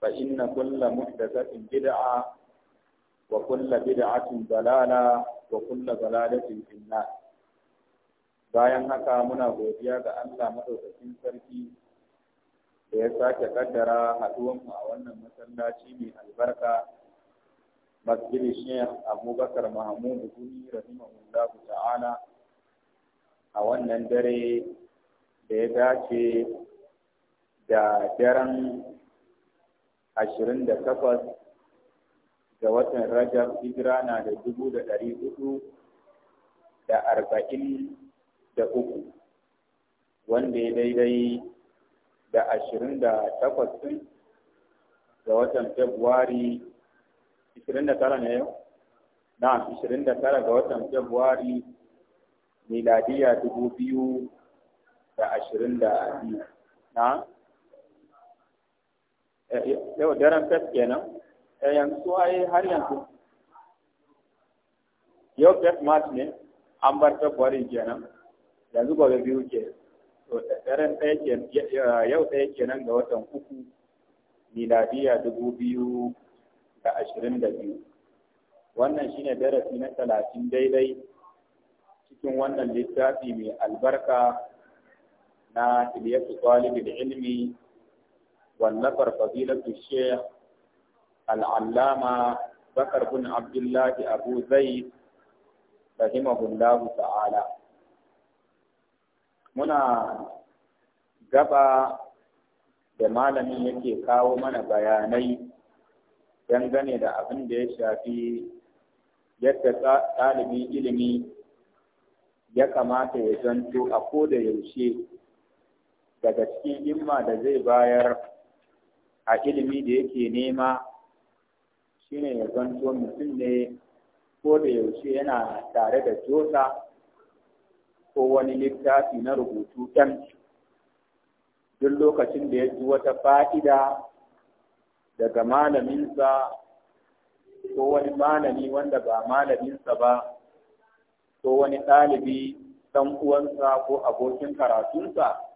فإن كل محدثة بدعة وكل بدعة ضلالة وكل ضلالة في النار bayan haka muna godiya ga Allah madaukakin sarki da ya sake kaddara mu a wannan masallaci mai albarka masjidin Sheikh Abubakar Mahmud Gumi rahimahullah ta'ala a wannan dare da ya dace da daren ashirin da takwas ga watan Rajab hijira na da dubu da ɗari hudu da arba'in da uku wanda ya daidai da ashirin da takwas ɗin ga watan Februari ashirin da tara ne yau? Na ashirin da tara ga watan Februari miladiya dubu biyu da ashirin da biyu. Na? yau daren fes kenan eh, yanzu su yi har yanzu yau fes mat ne an bar february kenan yanzu gobe biyu ke daren ɗaya ke yau ɗaya kenan ga watan uku miladiya dubu biyu da ashirin da biyu wannan shine darasi na talatin daidai cikin wannan littafi mai albarka na iliyatu talibul ilmi wallafar fadilatu sheikh al'allama bakar bin abdullahi abu zaid rahimahullahu ta'ala muna gaba da malamin yake kawo mana bayanai dangane da abin da ya shafi yadda ɗalibin ilimi ya kamata ya zanto a koda yaushe daga cikin himma da zai bayar a ilimi da yake nema shi ne ya zanto mutum ne ko da yaushe yana tare da jota ko wani littafi na rubutu ɗan duk lokacin da ya ji wata fa'ida daga malaminsa ko wani malami wanda ba malaminsa ba ko wani ɗalibi ɗanuwansa uwansa ko abokin karatunsa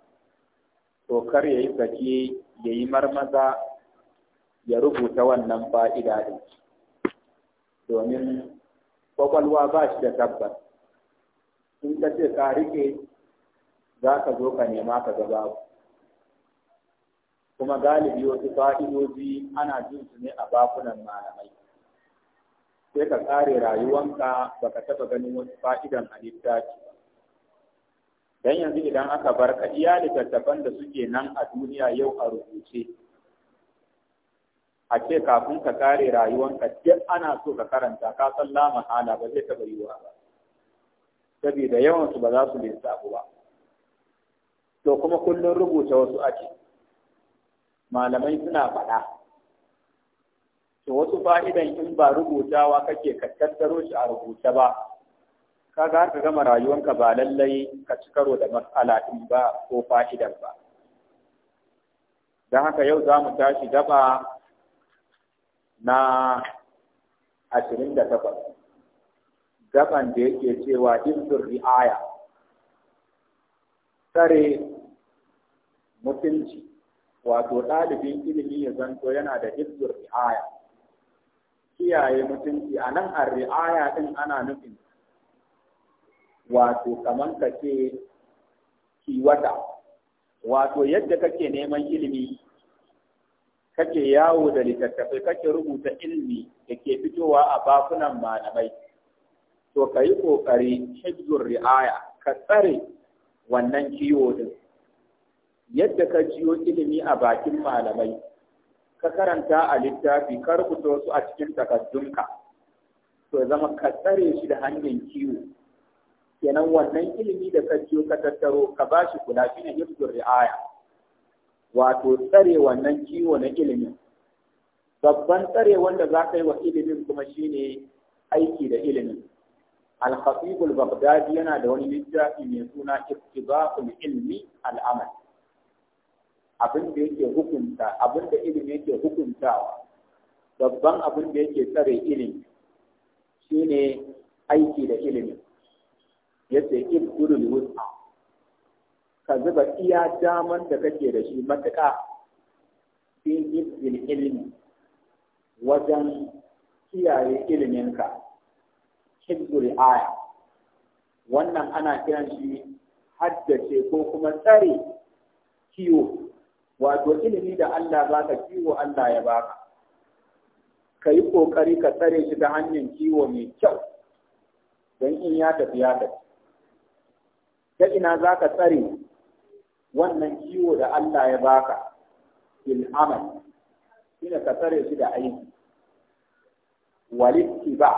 to kar ya yi sake ya yi marmaza ya rubuta wannan fa'ida ɗin domin kwakwalwa ba shi da tabbas in ka ce ka rike za ka zo ka nema ka gaba kuma galibi wasu fa'idoji ana jin su ne a bakunan malamai sai ka tsare rayuwanka baka taɓa ganin wasu fa'idan a littafi dan yanzu idan aka bar ka iya littattafan da suke nan a duniya yau a rubuce a ce kafin ka kare rayuwanka duk ana so ka karanta ka san hala ba zai taɓa yiwa ba saboda yawansu ba za su lissafu ba to kuma kullun rubuta wasu ake malamai suna faɗa to wasu fa'idan in ba rubutawa kake ka tattaro shi a rubuce ba Ka ga ka gama rayuwanka ba lallai ka ci karo da matsala din ba ko fa'idar ba don haka yau za mu tashi gaba na ashirin da takwas gaban da yake cewa hizbin ri'aya tsare mutunci wato ɗalibin ilimi ya zanto yana da hizbin ri'aya kiyaye mutunci a nan a ri'aya ɗin ana nufin wato kaman ka ce kiwata wato yadda kake neman ilimi kake yawo da littattafai kake rubuta ilimi da ke fitowa a bakunan malamai to ka yi ƙoƙari hibzur ri'aya ka tsare wannan kiwo din yadda ka jiyo ilimi a bakin malamai ka karanta a littafi ka rubuta su a cikin takaddunka to zama ka tsare shi da hanyar kiwo kenan wannan ilimi da ka ciyo ka tattaro ka ba shi kula shi ne ri'aya wato tsare wannan ciwo na ilimi. babban tsare wanda za ka yi wa ilimin kuma shine aiki da ilimin al-khatib baghdadi yana da wani littafi mai suna ittibaqul ilmi al-amal abin da yake hukunta abin da ilimi yake hukuntawa babban abin da yake tsare ilimi shine aiki da ilimi ce in gudun wuta, ka zuba iya daman da kake da shi matuƙa fi ibn ilimi wajen kiyaye iliminka hibdul aya wannan ana kiran shi haddace ko kuma tsare kiwo wato ilimi da Allah ka kiwo Allah ya baka ka yi ƙoƙari ka tsare shi ta hanyar kiwo mai kyau don in ya tafi ya tafi ta ina za ka tsare wannan kiwo da Allah ya baka bil amal ina ka tsare shi da aiki ba?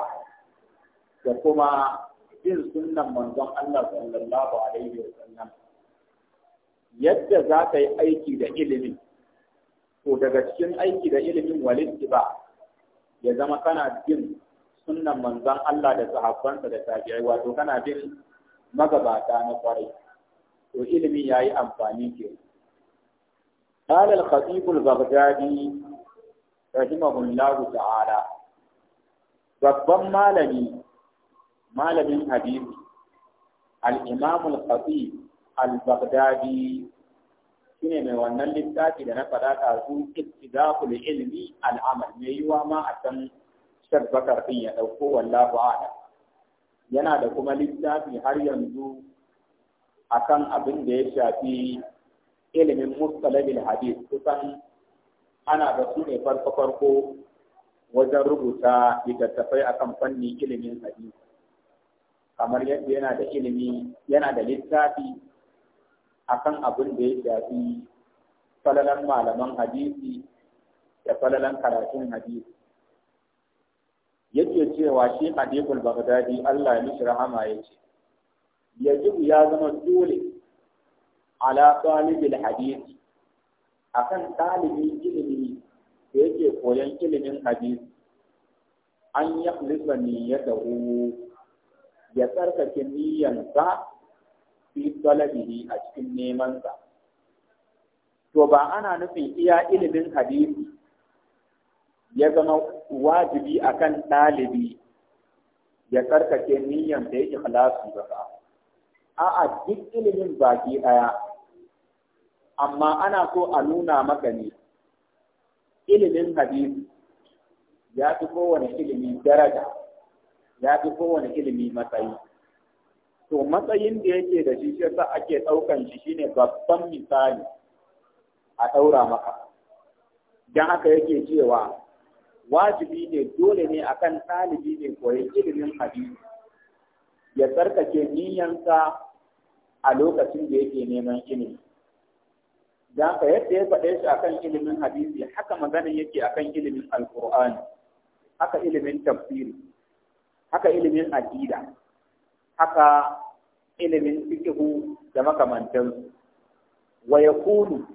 da kuma bin sunnan manzon Allah sallallahu alaihi wa yadda za ka yi aiki da ilimi to daga cikin aiki da ilimin ba ya zama kana bin sunnan manzon Allah da sahabbansa da tabi'ai wato kana bin magabata na kwarai to ilimi ya yi amfani ke قال الخطيب البغدادي رحمه الله babban malami malamin hadisi alimamul imam al-khatib al-baghdadi shine mai wannan littafi da na faɗa ɗazu ittidaqul ilmi al mai yiwa ma a san bakar ɗin ya ɗauko wallahu a'lam yana da kuma littafi har yanzu akan abin da ya shafi ilimin mustalabil hadis kusan ana da su ne farko farko wajen rubuta littattafai kan fanni ilimin hadisi kamar yadda yana da ilimi yana da littafi akan abin da ya shafi falalan malaman hadisi da falalan karatun hadisi cewa shi Hadibul Baghdadi Allah ya mishi rahama ya ce yajibu ya zama dole ala talibil hadisi akan talibin ilimi da yake koyon ilimin hadisi an ya kulisa niyyatahu ya tsarkake niyyansa fi talabihi a cikin nemansa to ba ana nufin iya ilimin hadisi ya zama wajibi akan ɗalibi ya tsarkake niyyar da ya ikhlasi gaba a'a duk ilimin baki ɗaya amma ana so a nuna maka ne ilimin hadisi ya fi kowane ilimi daraja ya fi kowane ilimi matsayi to matsayin da yake da shi shi ake ɗaukan shi shine babban misali a ɗaura maka don haka yake cewa wajibi ne dole ne akan ɗalibi ne koyi ilimin hadisi ya tsarkake niyyansa a lokacin da yake neman ilimi dan ka yadda ya faɗe shi akan ilimin hadisi haka magana yake akan ilimin alqur'ani haka ilimin tafsiri haka ilimin aqida haka ilimin fiqhu da makamantansu wa yakunu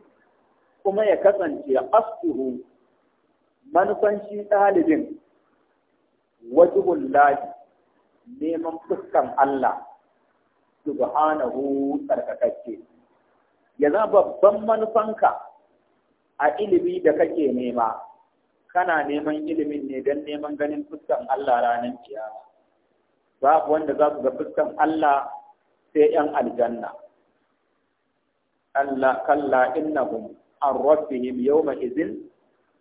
kuma ya kasance asluhu Manufanci shi ɗalibin wajibun lahi neman fuskan Allah subhanahu tsarkakakke ya za babban manufanka a ilimi da kake nema kana neman ilimin ne don neman ganin fuskan Allah ranar kiyama babu wanda za su ga fuskan Allah sai 'yan aljanna Allah kalla innahum an rabbihim yawma izin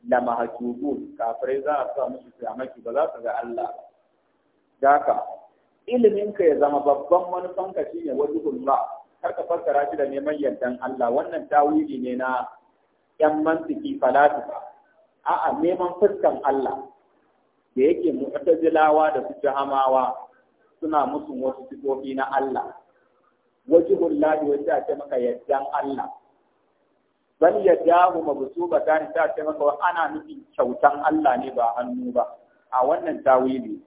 la mahjubun kafirai za a sa musu kiyamaki ba za su ga Allah daka ilimin ka ya zama babban manufan ka shine wajhullah kar ka fassara shi da neman yardan Allah wannan tawili ne na yan mantiki falasifa a'a neman fuskan Allah da yake mu'tazilawa da su jahamawa suna musu wasu sifofi na Allah wajhullahi wanda ake maka yardan Allah bal yadahu mabsutatan ta ce maka wa ana nufin kyautan Allah ne ba hannu ba a wannan tawili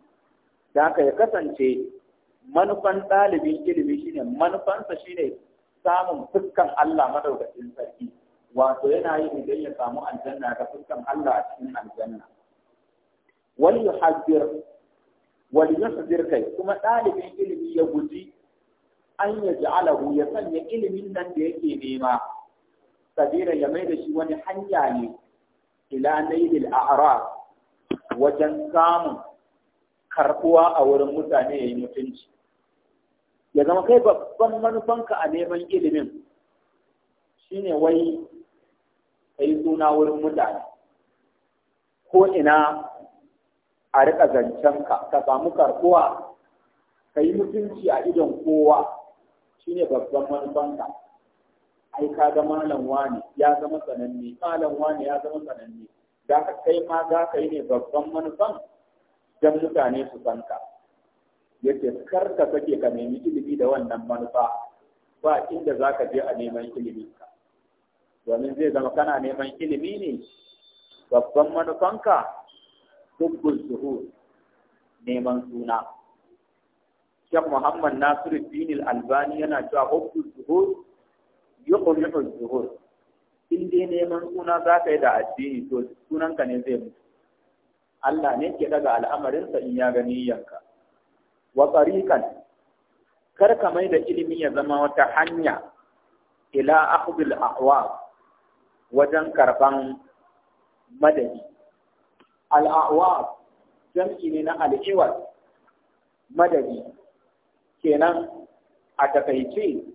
da ka ya kasance manufan ɗalibin ilimi shine manufansa shine samun fuskan Allah madaukakin sarki wato yana yi idan ya samu aljanna ga fuskan Allah a cikin aljanna wal yuhaddir wal yuhaddir kai kuma ɗalibin ilimi ya guji an ya alahu ya sanya ilimin nan da yake nema sabira ya mai da shi wani hanya ne ila nailil a'rab wajen samun karbuwa a wurin mutane yayi mutunci ya zama kai babban manufanka a neman ilimin shine wai kai suna wurin mutane ko ina a rika zancenka ka samu karbuwa ka yi mutunci a idon kowa shine babban manufanka ai ka ga malam wani ya zama sananne malam wani ya zama sananne da kai ma za ka yi ne babban manufan don mutane su san ka kar ka sake ka nemi ilimi da wannan manufa ba inda za ka je a neman ilimi ka domin zai zama kana neman ilimi ne babban manufanka dubbul zuhur neman suna Sheikh Muhammad nasiru Al-Albani yana cewa hubbul zuhur yuqrihu az-zuhur in dai neman suna za ka yi da addini to sunanka ne zai mutu Allah ne ke daga al'amarinsa in ya gani yanka wa tariqan kar ka mai da ilimi ya zama wata hanya ila akhdil ahwa wajen karban madadi al ahwa jam'i ne na al madadi kenan a takaice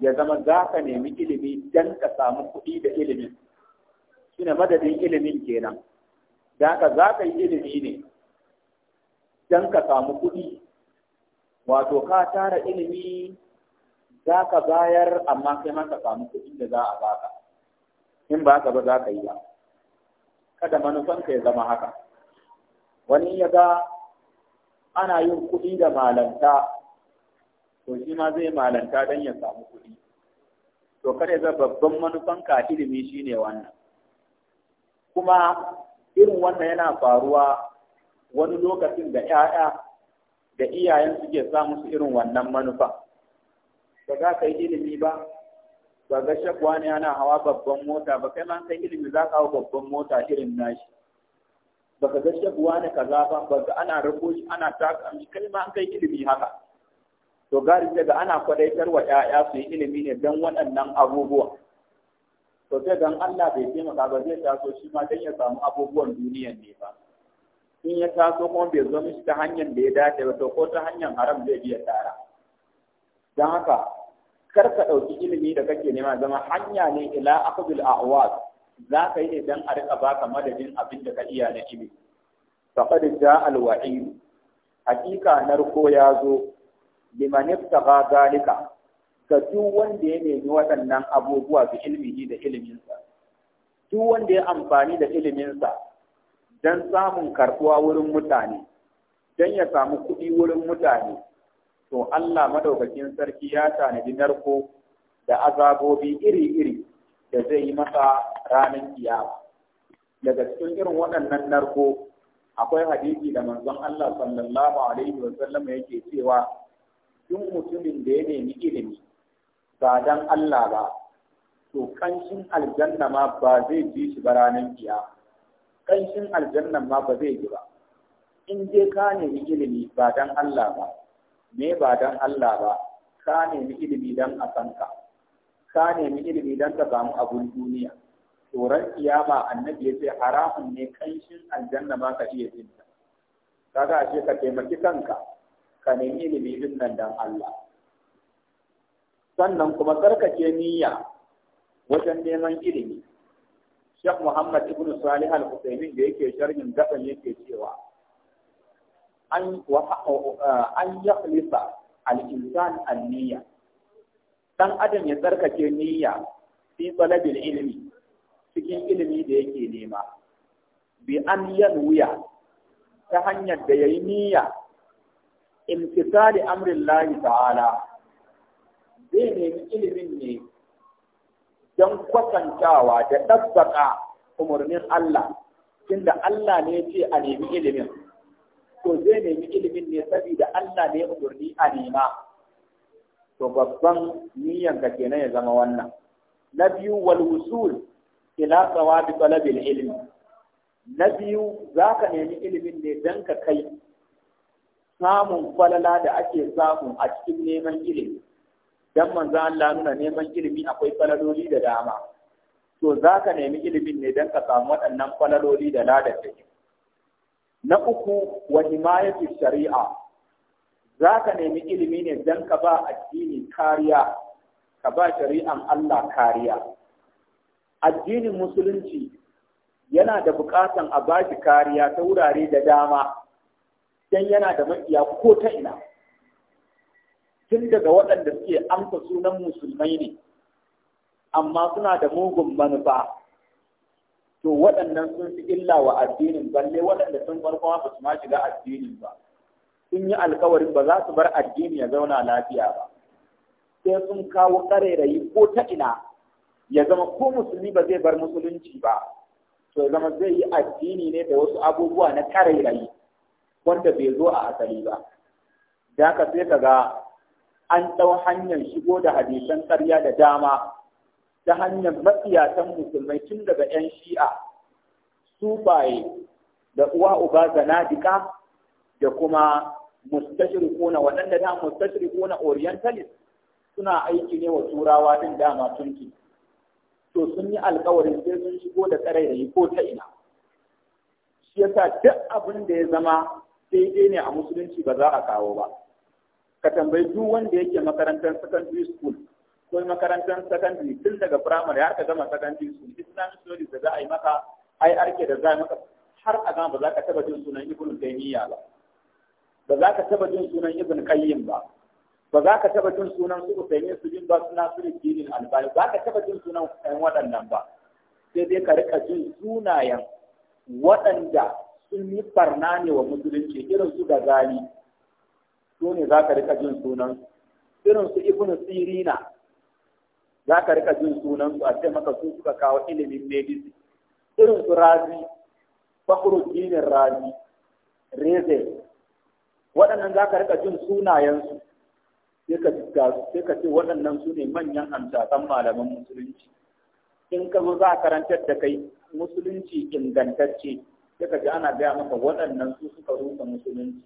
ya zama za ka nemi ilimi don ka samu kuɗi da ilimin shine madadin ilimin kenan da ka za ka yi ilimi ne don ka samu kuɗi wato ka tara ilimi za ka bayar amma kai ma ka samu kuɗi da za a baka in ba ka ba za ka yi ba kada manufanka ya zama haka wani ya ga ana yin kuɗi da malanta to shi ma zai malanta don ya samu kuɗi to kada zai babban manufanka ilimi shi ne wannan kuma irin wannan yana faruwa wani lokacin da 'ya'ya da iyayen suke sa musu irin wannan manufa ba za ka yi ilimi ba ba ga shakwa ne yana hawa babban mota ba kai ma kai ilimi za ka hawa babban mota irin nashi ba ka ga shakwa ne kaza ba ba ga ana rako shi ana taka amshi kai ma an kai ilimi haka to gari daga ana kwadaitar wa ‘ya'ya su yi ilimi ne don waɗannan abubuwa to sai don Allah bai taimaka ba zai taso shi ma don ya samu abubuwan duniyan ne ba in ya taso kuma bai zo mishi ta hanyar da ya dace ba to ko ta hanyar haram zai biya tara don haka kar ka ɗauki ilimi da kake nema zama hanya ne ila akhdul a'waz za ka yi ne don a rika baka madadin abin da ka iya na ilimi faqad ja'a al-wa'id hakika narko ya zo liman ibtaga zalika ga duk wanda ya nemi waɗannan abubuwa bi ilmihi da iliminsa duk wanda ya amfani da iliminsa dan samun karɓuwa wurin mutane don ya samu kuɗi wurin mutane to Allah madaukakin sarki ya tanadi narko da azabobi iri-iri da zai yi masa ranar kiyama daga cikin irin waɗannan narko akwai hadisi da manzon Allah sallallahu alaihi wa yake cewa duk mutumin da ya nemi ilimi ba dan Allah ba to kanshin aljanna ma ba zai ji shi ba ranar biya, kanshin aljanna ma ba zai ji ba in je ka nemi ilimi ba dan Allah ba me ba dan Allah ba ka nemi ilimi dan a sanka ka nemi ilimi dan ka samu abun duniya tsoron kiyama annabi ya ce haramun ne kanshin aljanna ma ka iya jinta kaga ce ka taimaki kanka ka nemi ilimi din nan dan Allah sannan kuma karkace niyya wajen neman ilimi Sheikh Muhammad ibn Salih al-Husaymin da yake sharhin gaban yake cewa an an yakhlisa al-insan an-niyya dan adam ya tsarkake niyya fi talabil ilimi cikin ilimi da yake nema bi an yanuya ta hanyar da yayi niyya imtisali amrin lahi ta'ala zai nemi ilimin ne don kwatantawa da ɗabbaka umarnin Allah tunda Allah ne ce a nemi ilimin to zai nemi ilimin ne saboda Allah ne umarni a nema to babban niyyar ka kenan ya zama wannan na biyu wal wusul ila tsawabi talabil ilmi na biyu za ka nemi ilimin ne don ka kai samun falala da ake samu a cikin neman ilimi dan manzo Allah nuna neman ilimi akwai falaloli da dama to za ka nemi ilimin ne don ka samu waɗannan falaloli da ladabi na uku wa himayatu shari'a za ka nemi ilimi ne don ka ba addini kariya ka ba shari'an Allah kariya addinin musulunci yana da buƙatan a ba shi kariya ta wurare da dama dan yana da makiya ko ta ina tun daga waɗanda suke amsa sunan musulmai ne amma suna da mugun manufa to waɗannan sun fi illa wa addinin balle waɗanda sun farko ba su ma shiga addinin ba sun yi alkawarin ba za su bar addini ya zauna lafiya ba sai sun kawo ƙarairayi ko ta ina ya zama ko musulmi ba zai bar musulunci ba to ya zama zai yi addini ne da wasu abubuwa na ƙarairayi wanda bai zo a asali ba da ka sai ka ga an ɗau hanyar shigo da hadisan ƙarya da dama ta hanyar matsiyatan musulmai tun daga 'yan shi'a sufaye da uwa uba zanadika da kuma na waɗanda da na orientalist suna aiki ne wa turawa din dama tunki to sun yi alkawarin sai sun shigo da da yi ko ta ina shi yasa duk abin da ya zama daidai ne a musulunci ba za a kawo ba ka tambayi duk wanda yake makarantar secondary school ko makarantar secondary tun daga primary har ka gama secondary school islamic studies da za a yi maka arke da za a yi maka har a gama ba za ka taba jin sunan ibn taymiya ba ba za ka taba jin sunan ibn qayyim ba ba za ka taba jin sunan su Usaimin su jin ba su Nasiru Dinin Albani ba ka taba jin sunan waɗannan ba sai dai ka rika jin sunayen waɗanda sun yi barna ne wa musulunci irin su gazali su ne za ka rika jin sunan irin su ibnu sirina za ka rika jin sunan su a ce maka su suka kawo ilimin medici irin su razi jinin razi reze waɗannan za ka rika jin sunayensu sai ka sai ka ce waɗannan su ne manyan amsasan malaman musulunci in ka zo za a karantar da kai musulunci ingantacce suka ka ji ana gaya maka waɗannan su suka rusa musulunci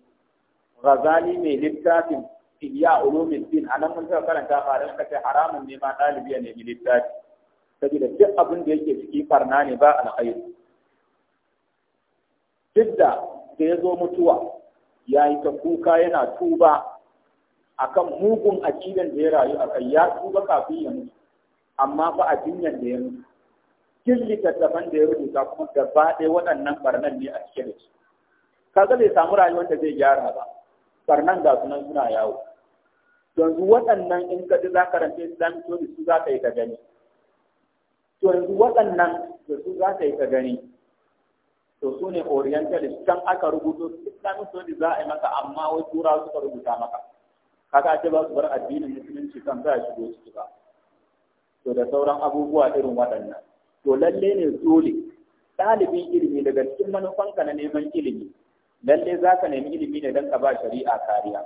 Razali mai littafin iya ulumin din a nan mun taɓa karanta ba da haramun ne ma ɗalibi ne nemi littafi saboda duk abin da yake ciki farna ne ba alkhairi duk da da ya zo mutuwa ya yi ta kuka yana tuba akan mugun akidan da ya rayu a kai ya tuba kafin ya mutu amma fa a jinyar da ya mutu duk littattafan da ya rubuta kuma gaba ɗaya waɗannan barnan ne a cikin da su kaga bai samu rayuwar da zai gyara ba barnan ga sunan suna yawo yanzu waɗannan in ka ji za ka rance su zan to da su za ka yi ka gani to yanzu waɗannan da su za ka yi ka gani to su ne orientalist can aka rubuto islamic da za a yi maka amma wai turawa suka rubuta maka kaga ce ba su bar addinin musulunci kan za a shigo ciki ba to da sauran abubuwa irin waɗannan to lalle ne dole ɗalibin ilimi daga cikin manufanka na neman ilimi lalle za ka nemi ilimi ne don ka ba shari'a kariya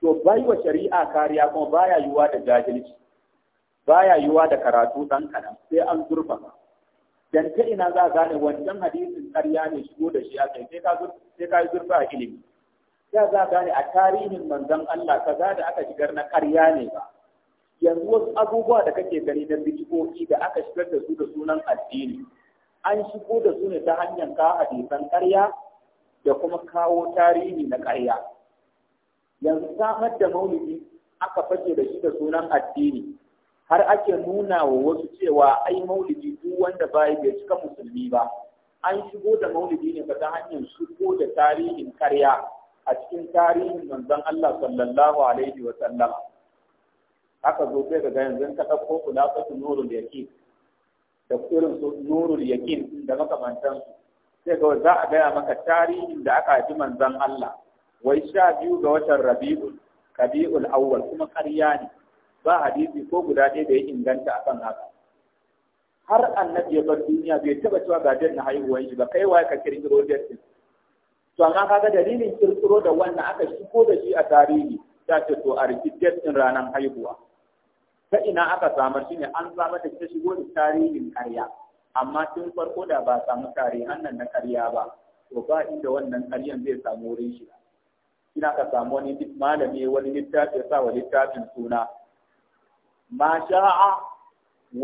to bai wa shari'a kariya kuma baya yiwuwa da jahilci baya yiwuwa da karatu dan kanan sai an zurfafa dan ta ina za a gane wancan hadisin ƙarya ne shigo da shi a kai sai ka yi zurfa a ilimi sai za a gane a tarihin manzon Allah kaza da aka shigar na ƙarya ne ba yanzu wasu abubuwa da kake gani na bitikoki da aka shigar da su da sunan addini an shigo da su ne ta hanyar kawo hadisan ƙarya da kuma kawo tarihi na karya. yanzu samar da maulidi aka fage da shi da sunan addini har ake nuna wa wasu cewa ai maulidi duk wanda bai bai cika musulmi ba an shigo da maulidi ne ta hanyar shigo da tarihin karya a cikin tarihin manzon Allah sallallahu alaihi wa sallama Haka zo sai ga yanzu ka ɗauko kulafatu nurul yaqin da irin su nurul yaqin da makamantan sai ga za a gaya maka tarihin da aka ji manzon Allah wai sha biyu ga watan Rabiul kabi'ul Awwal kuma ƙarya ne ba hadisi ko guda ɗaya da ya inganta akan haka har annabi ya bar duniya bai taba cewa ga na haihuwan shi ba kai wa ka kirkiro jirgin. to amma kaga dalilin kirkiro da wannan aka shigo da shi a tarihi ta ce to a rikitin ranar haihuwa ta ina aka samar shi ne an samar da ta shigo da tarihin karya amma tun farko da ba samu tarihin nan na karya ba to ba inda wannan karyan zai samu wurin shi ina ka samu wani malami wani littafi ya sa wa littafin suna ma sha'a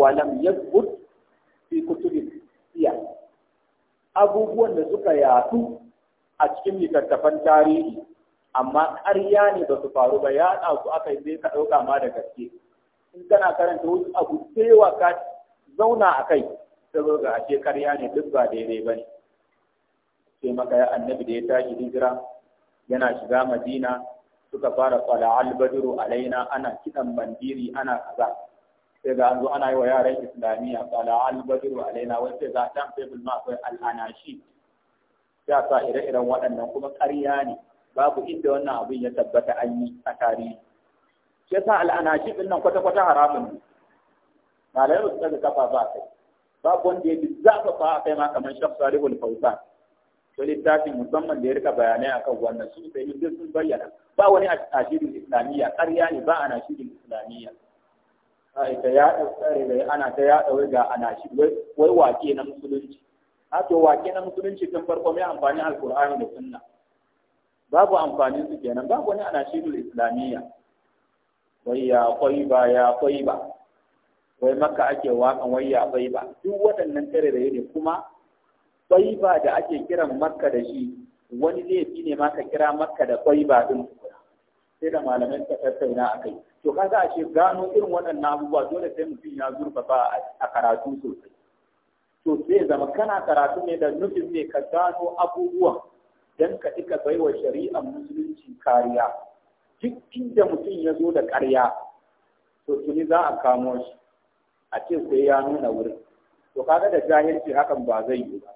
wa lam yathbut fi kutubi siya abubuwan da suka yatsu a cikin littattafan tarihi amma karya ne ba su faru ba ya ɗauku aka yi zai ka ɗauka ma da gaske in kana karanta wasu abu cewa ka zauna a kai saboda a ce karya ne duk ba daidai ba ne sai maka ya annabi da ya tashi hijira yana shiga madina suka fara tsala albadiru alaina ana kiɗan bandiri ana kaza sai ga an zo ana yi wa yaran islamiyya tsala albadiru alaina wacce ga tan fefil ma akwai al'anashi ya sa ire-iren waɗannan kuma karya ne babu inda wannan abin ya tabbata an yi a tarihi shi yasa al'anashi din nan kwata-kwata haramun ne malai ba su daga kafa ba kai babu wanda ya bi zafafa a kai ma kamar shaf salihul fausa to littafin musamman da ya rika bayanai akan wannan su sai duk sun bayyana ba wani ashirin islamiyya ƙarya ne ba ana shirin islamiyya ita ya tsare da ana ta ya daure ga ana shi wai wake na musulunci a to wake na musulunci tun farko mai amfani alkur'ani da sunna babu amfanin su kenan babu wani ana shirin islamiyya wai ya kwai ba ya kwai ba wai maka ake wakan wai ya kwai ba duk waɗannan tare da ne kuma kwai ba da ake kiran makka da shi wani laifi ne ma ka kira makka da kwai ba din sai da malamai suka tattauna a kai to za a ce gano irin waɗannan abubuwa dole sai mutum ya zurfafa a karatu sosai to zai zama kana karatu ne da nufin ne ka gano abubuwan don ka ika baiwa shari'ar musulunci kariya duk inda mutum ya zo da ƙarya to tuni za a kamo shi a ce sai ya nuna wuri. to kaga da jahilci hakan ba zai yi ba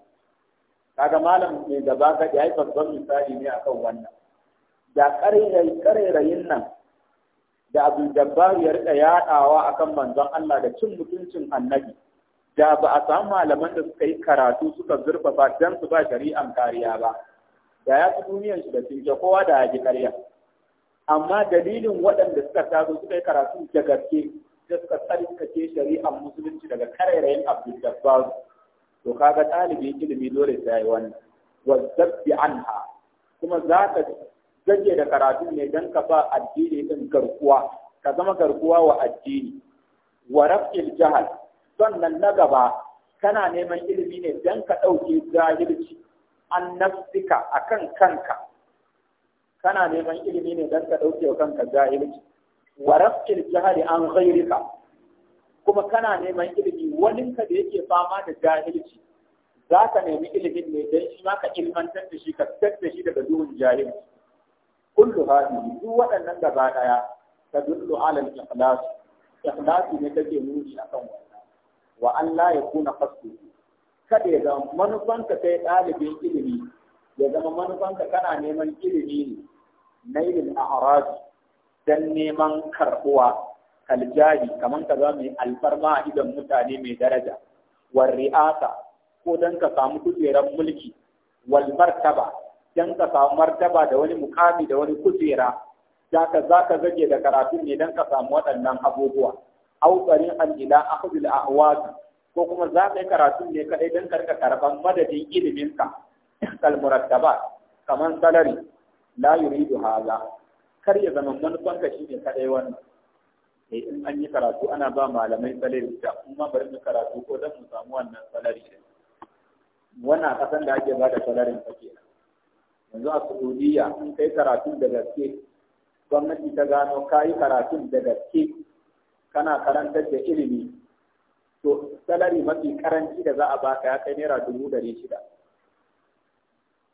kaga malam mai gaba ga ya yi babban misali ne akan wannan da ƙarairayin nan da abu dabbar ya rika yaɗawa akan manzon Allah da cin mutuncin annabi da ba a samu malaman da suka yi karatu suka zurfafa don su ba shari'an kariya ba da ya fi duniyar shi da sun kowa da ya ji karya amma dalilin waɗanda suka taso suka yi karatu da gaske da suka tsarkake shari'ar musulunci daga karairayin abdul jabbar to kaga ɗalibin ilimi dole sai wannan an anha kuma za ka gaje da karatu ne don ka ba addini din garkuwa ka zama garkuwa wa addini wa raf'il jahal sannan na gaba kana neman ilimi ne don ka ɗauke zahirci an nafsika akan kanka kana neman ilimi ne don ka ɗauke wa kanka jahilci wa rafkil jahali an ghairika kuma kana neman ilimi wani ka da yake fama da jahilci za ka nemi ilimin ne don shi ma ka ilmantar da shi ka fitar shi daga duhun jahilci kullu hadhihi duk waɗannan gaba daya tadullu ala al-ikhlas ikhlasi ne take nuni akan wannan wa Allah ya kuna qasdu kada ga manufanka kai ɗalibin ilimi ya zama manufanka kana neman ilimi ne na yin aharaji dan neman karbuwa kaljari kamar ka zama mai alfarma a idan mutane mai daraja war ri'asa ko dan ka samu kujerar mulki wal martaba dan ka samu martaba da wani mukami da wani kujera za ka zage da karatu ne dan ka samu waɗannan abubuwa au tsarin an ila ko kuma za ka yi karatu ne kadai dan karka karban madadin iliminka kalmurattabat kaman salari la yuridu haza kar ya zama manufanka shi ne kadai wannan eh in an yi karatu ana ba malamai salari da kuma bari mu karatu ko dan mu samu wannan salari wannan kasan da ake bada salarin fa kenan yanzu a Saudiya in kai karatun da gaske gwamnati ta gano kai karatun da gaske kana karantar da ilimi to salari mafi karanci da za a baka ya kai naira dubu ɗari shida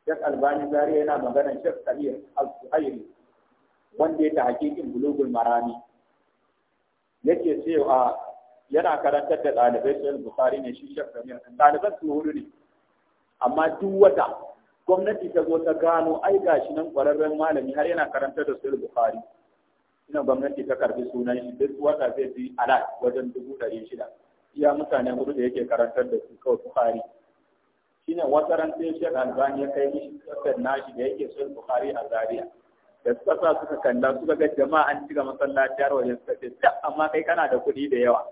Shek Albani Zaria yana magana Shek Kabir Al-Suhairi wanda ya ta hakikin bulugul marami yake cewa yana karantar da ɗalibai sayar bukhari ne shi shek Kabir ɗaliban su hudu ne amma duk wata gwamnati ta zo ta gano ai gashi nan ƙwararren malami har yana karantar da sayar bukhari ina gwamnati ta karbi sunan shi duk wata zai fi alat wajen dubu ɗari shida iya mutane hudu da yake karantar da su kawai Bukhari. shine wata ran sai Albani ya kai mishi kasar nashi da yake son Bukhari a Zaria da suka sa suka kalla suka ga jama'a an cika masallaci har wajen suka ce da amma kai kana da kuɗi da yawa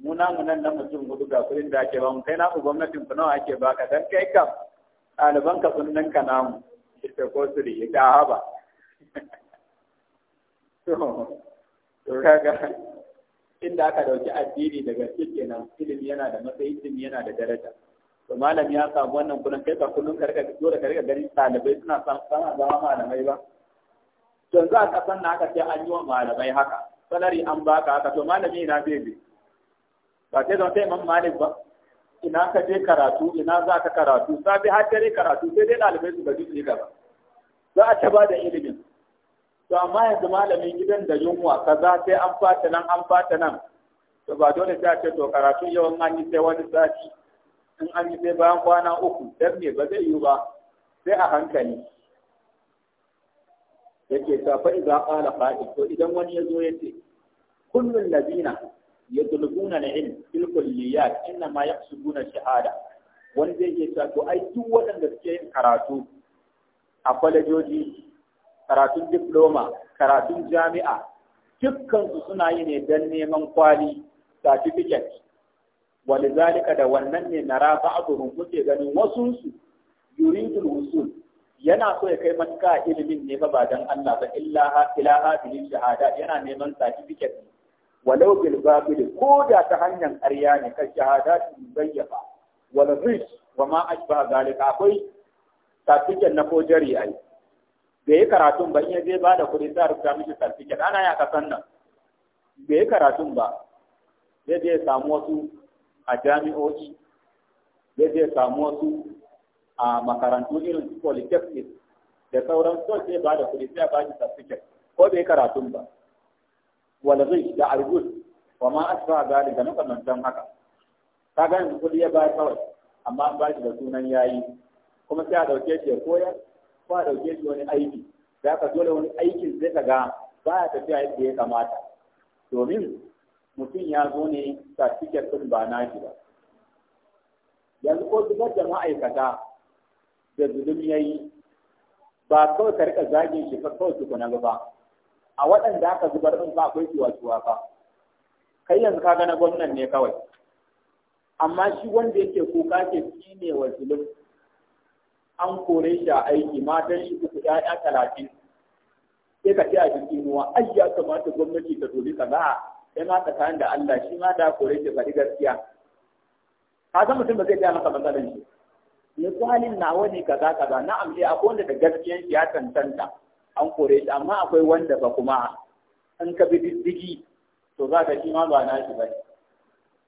mu namu nan na mutum gudu ga kuɗin da ake ba mu kai naku gwamnatin ku nawa ake baka dan kai kam ɗaliban ka sun ka namu ita ko su da ita haba to kaga inda aka dauki addini daga cikin nan ilimi yana da matsayi ilimi yana da daraja to malam ya samu wannan kudin kai ka kullum ka rika dole ka gani talibai suna san sana zama malamai ba to yanzu a kasan na haka sai an yi wa malamai haka salari an baka haka to malami ina zai bi ba sai zama sai mun malik ba ina ka je karatu ina za ka karatu safi har dare karatu sai dai ɗalibai su gaji su yi gaba za a ta ba da ilimin to amma yanzu malamin gidan da yunwa kaza sai an fata nan an fata nan to ba dole sai a ce to karatu yawan an yi sai wani sati in an yi sai bayan kwana uku dan me ba zai yi ba sai a hankali yake ta fa idza qala qa'id to idan wani ya zo yace kullun ladina yadlubuna al-ilm fil kulliyat inna ma yaqsuduna shahada wani zai iya ta to ai duk waɗanda suke yin karatu a kwalejoji karatun diploma karatun jami'a dukkansu suna yi ne don neman kwali certificate ولذلك da wannan ne na raba ba'dhum muke ganin wasu su yurin wusul yana so ya kai matuka ilimin ne ba don Allah ba illa ilaha hadhihi shahada yana neman certificate walau bil babil ko da ta hanyar ƙarya ne kan shahada shahadatu bayyafa? wal rich wa ma ba zalika akwai satifiket na forgery ai bai yi karatun ba in zai ba da kuɗi sa rubuta miki certificate ana ya kasan nan bai yi karatun ba zai je ya samu wasu a jami'o'i ya je samu wasu a makarantu irin polytechnic da sauran so ba da kuɗi sai ba shi certificate ko bai karatun ba wala zai da argus wa ma asfa galiba da kamantan haka Ta ga yanzu kuɗi ya bayar kawai amma an ba shi da sunan yayi kuma sai a ɗauke shi ya koyar ko a ɗauke shi wani aiki da ka dole wani aikin zai ka ga ba ya tafiya yadda ya kamata domin mutum ya zo ne ga tiket ɗin ba na ba yanzu ko zubar da ma'aikata da zulum ya yi ba kawai ka rika zagin shi ka kawai na ba a waɗanda aka zubar ɗin ba akwai tuwa-tuwa ba kai yanzu ka gana gwamnan ne kawai amma shi wanda yake kuka ke fi ne wa zulum an kore shi a aiki matan shi uku yaya talatin sai ka ce a jikin ruwa ai ya kamata gwamnati ta dole ka za sai ma tsakanin da Allah shi ma da kore shi faɗi gaskiya ka san mutum ba zai gaya maka matsalar. shi ni kwalin ka za kaza kaza na amfani eh, akwai wanda da gaskiyan shi ya tantanta an kore shi amma akwai wanda ba kuma an ka bi diddigi to za ka shi ma ba na shi ba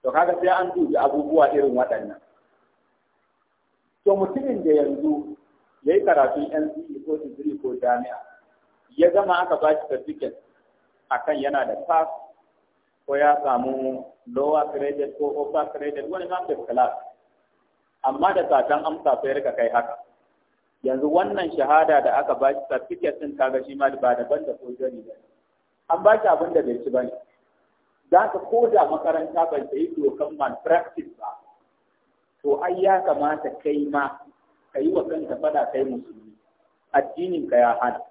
to kaga sai an dubi abubuwa irin waɗannan to mutumin da yanzu ya yi karatun NCE ko digiri ko jami'a ya zama aka ba shi certificate akan yana da pass ko ya samu lower credit ko upper credit wani na fifth class amma da satan amsa sai rika kai haka yanzu wannan shahada da aka ba shi certificate din kaga shi ma ba daban da sojani ba an ba shi abin da bai ci bane za ka koda makaranta ban ta yi dokan malpractice ba to ai ya kamata kai ma ka yi wa kanka fada kai musulmi addinin ka ya hana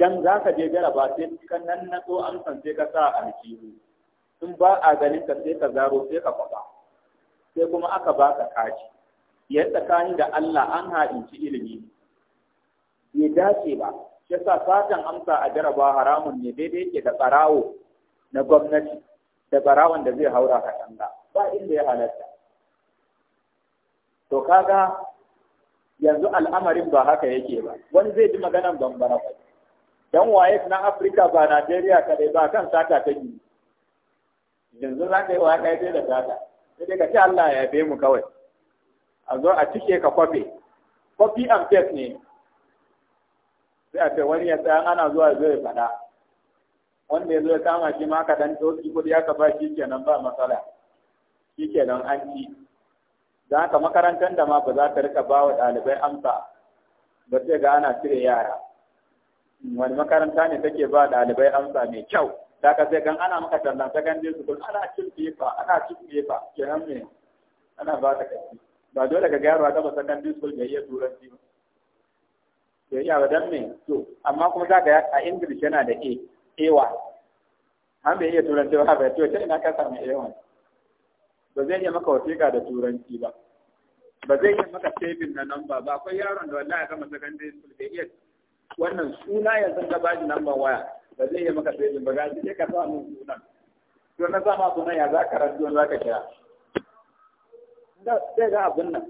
dan za ka je jaraba sai ka nan na so amsan sai ka sa aljihu in ba a ganin ka sai ka zaro sai ka faɗa sai kuma aka ba ka kaci yan tsakani da Allah an haɗinci ilimi bai dace ba shi yasa satan amsa a jaraba haramun ne daidai ke da tsarawo na gwamnati da tsarawon da zai haura ka katanga ba inda ya halatta to kaga yanzu al'amarin ba haka yake ba wani zai ji maganan bambara kwai dan waye na Afirka ba Najeriya kadai ba kan sata ta yi yanzu za ka yi wa kai da sata sai dai ka ce Allah ya yabe mu kawai a zo a cike ka kwafe kwafi and paste ne sai a ce wani ya tsaya ana zuwa zo ya faɗa wanda ya zo ya kama shi ma ka dan ɗauki kuɗi aka ba shi kenan ba matsala shi kenan an ci za ka makarantar da ma ba za ta rika ba wa ɗalibai amsa ba sai ga ana cire yara wani makaranta ne take ba ɗalibai amsa mai kyau da ka sai kan ana maka tallan jesu kun ana cin fifa ana cin ke nan me ana ba ta kai ba dole ka gyara ta ba secondary jesu bai iya turanci ba bai iya ba dan mai to amma kuma za ka a English yana da A A1 an bai iya turanci ba ba to ta ina ka samu A1 ba zai iya maka wasiƙa da turanci ba ba zai iya maka saving na number ba akwai yaron da wallahi ya gama secondary school da iya wannan suna ya zanga ba shi namban waya ba zai yi maka sai ba gaji sai ka sa mun sunan to na sama sunan ya za ka rantsu za ka kira sai ga abin nan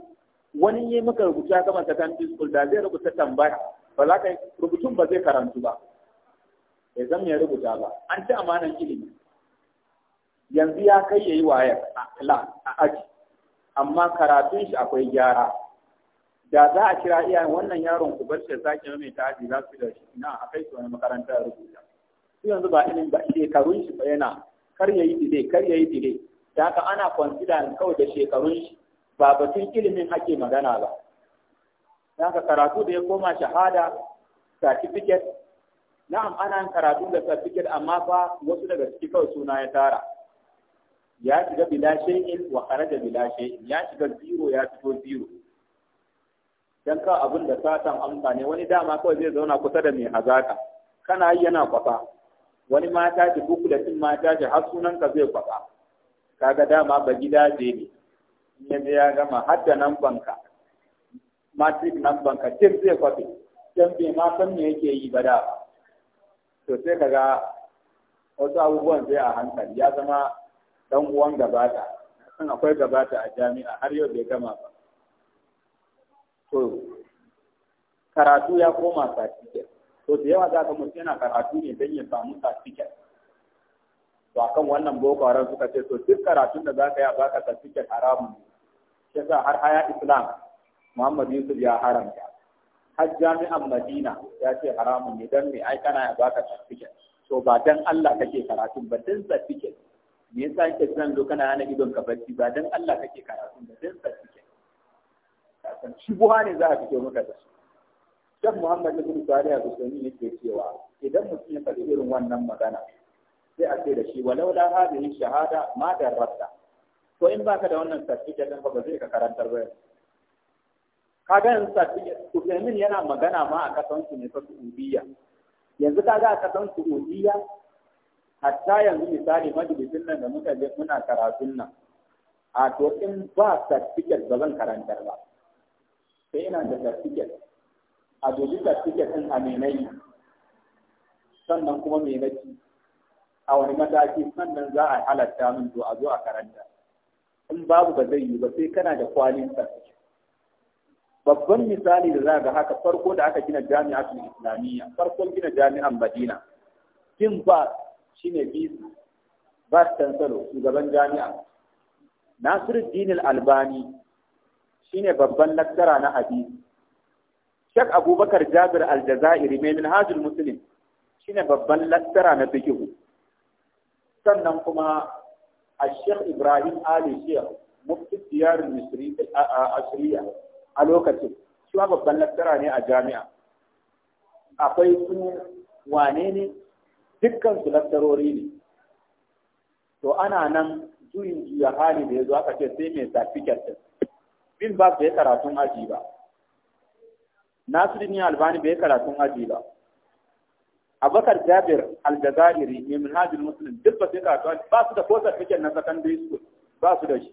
wani yi maka rubutu ya maka secondary school da zai rubuta tambaya ba za ka yi rubutun ba zai karantu ba bai zan ya rubuta ba an ci amanan ilimi yanzu ya kai ya yi wayar a aji amma karatun shi akwai gyara da za a kira iyayen wannan yaron ku bar shi zaki mai ta'adi za su da shi na a kai su wani makaranta rubuta su yanzu ba ilimin ba shekarun shi ba yana kar yayi dide kar yayi dide da haka ana consider kawai da shekarun shi ba batun ilimin ake magana ba da haka karatu da ya koma shahada certificate na'am ana karatu da certificate amma fa wasu daga ciki kawai suna ya tara ya shiga bila shay'in wa kharaja bila ya shiga zero ya fito zero dan ka abin da satan amsa ne wani dama kawai zai zauna kusa da mai hazaka kana yi yana kwafa wani mata ji buku da cin mata ji har sunan ka zai kwafa kaga dama ba gida je ne in ya ya gama har da nan banka matric nan banka tim zai kwafe can bai ma san me yake yi ba da to sai kaga wasu abubuwan zai a hankali ya zama dan uwan gabata san akwai gabata a jami'a har yau bai gama ba karatu ya koma certificate to da yawa za ka mutu yana karatu ne don ya samu certificate to akan wannan boko haram suka ce to duk karatun da za ka yi a baka certificate haramun ne shi har haya islam muhammad yusuf ya haramta har jami'an madina ya ce haramun ne don me ai ya baka certificate to ba dan Allah kake karatun ba dan certificate me yasa kake zan zo kana yana idon ka bacci ba dan Allah kake karatun ba dan certificate kan shubuha ne za a fito maka da su Shek Muhammad Ibn Salih Al-Usaimi yake cewa idan mutum ya faɗi irin wannan magana sai a ce da shi walau la hadhihi shahada ma darrata to in baka da wannan certificate din ba zai ka karantar ba kaga yanzu certificate Usaimin yana magana ma a kasan su ne ta ubiya yanzu ga a kasan ubiya hatta yanzu misali majalisin nan da muka je muna karatun nan a to in ba certificate ba zan karantar ba sai ina da certificate a doji certificate din a menai sannan kuma me nake a wani mataki sannan za a halatta min to a zo a karanta in babu ba zai yi ba sai kana da kwalin certificate babban misali da za ga haka farko da aka gina su islamiyya farkon gina jami'an madina kin ba shi shine bisu ba tansalo shugaban jami'a nasiru dinil albani shine babban lakkara na hadisi Sheikh Abubakar Jabir Al-Jazairi mai Minhajul Muslim shine babban lakkara na fiqh sannan kuma Sheikh Ibrahim Ali Sheikh mufti diyar Misri Asriya a lokacin shi ma babban lakkara ne a jami'a akwai su wane ne dukkan su lakkarori ne to ana nan juyin juya hali da ya aka ce sai mai certificate bin ba bai karatun aji ba nasirin albani bai karatun aji ba abakar jabir al ne min hajjin musulun duk ba sai karatu ba su da ko certificate na secondary school ba su da shi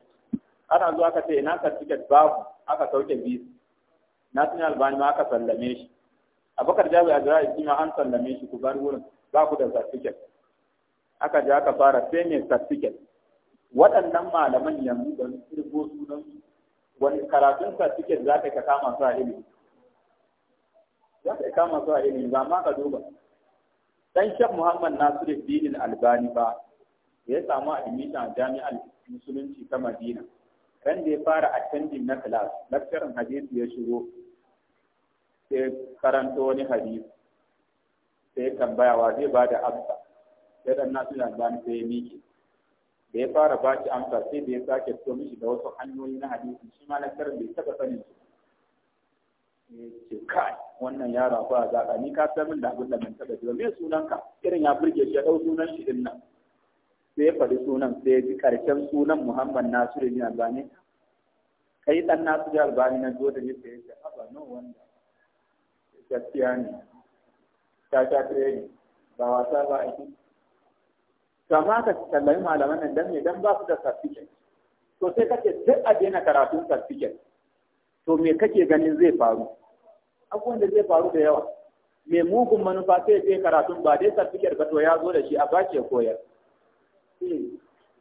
ana zuwa aka ce ina certificate babu aka sauke biyu nasirin albani ma aka sallame shi abakar jabir al-jazairi ma an sallame shi ku bar wurin ba ku da certificate aka je aka fara sai ne certificate waɗannan malaman yanzu da kirgo sunan wani karatun certificate za ka kama su a ilimi za ka kama su a ilimi ba ma ka duba dan shek muhammad nasiruddin albani ba ya samu admission a jami'ar musulunci ta madina ran da ya fara attending na class lecturer hadisi ya shigo sai karanto wani hadisi sai tambaya wa zai ba da amsa sai dan Nasiru albani sai ya miƙe da ya fara ba shi amsa sai da ya sake fito mishi da wasu hanyoyi na hadisi shi ma na karin bai taba sanin su ce kai wannan yara ba zaƙa ni ka san min da abin da ban taɓa jiwa me sunanka irin ya burge shi ya ɗau sunan shi din nan sai ya faɗi sunan sai ya ji ƙarshen sunan muhammad nasiru ne albani kai ɗan nasiru albani na zo da ni sai ya ce haba no wanda gaskiya ne ta ta ne ba wasa ba aiki kama ka sallami malaman nan dan ne dan ba su da certificate to sai kake duk a daina karatun certificate to me kake ganin zai faru abubuwan da zai faru da yawa me mugun manufa sai sai karatun ba dai certificate ba to ya zo da shi a bace koyar sai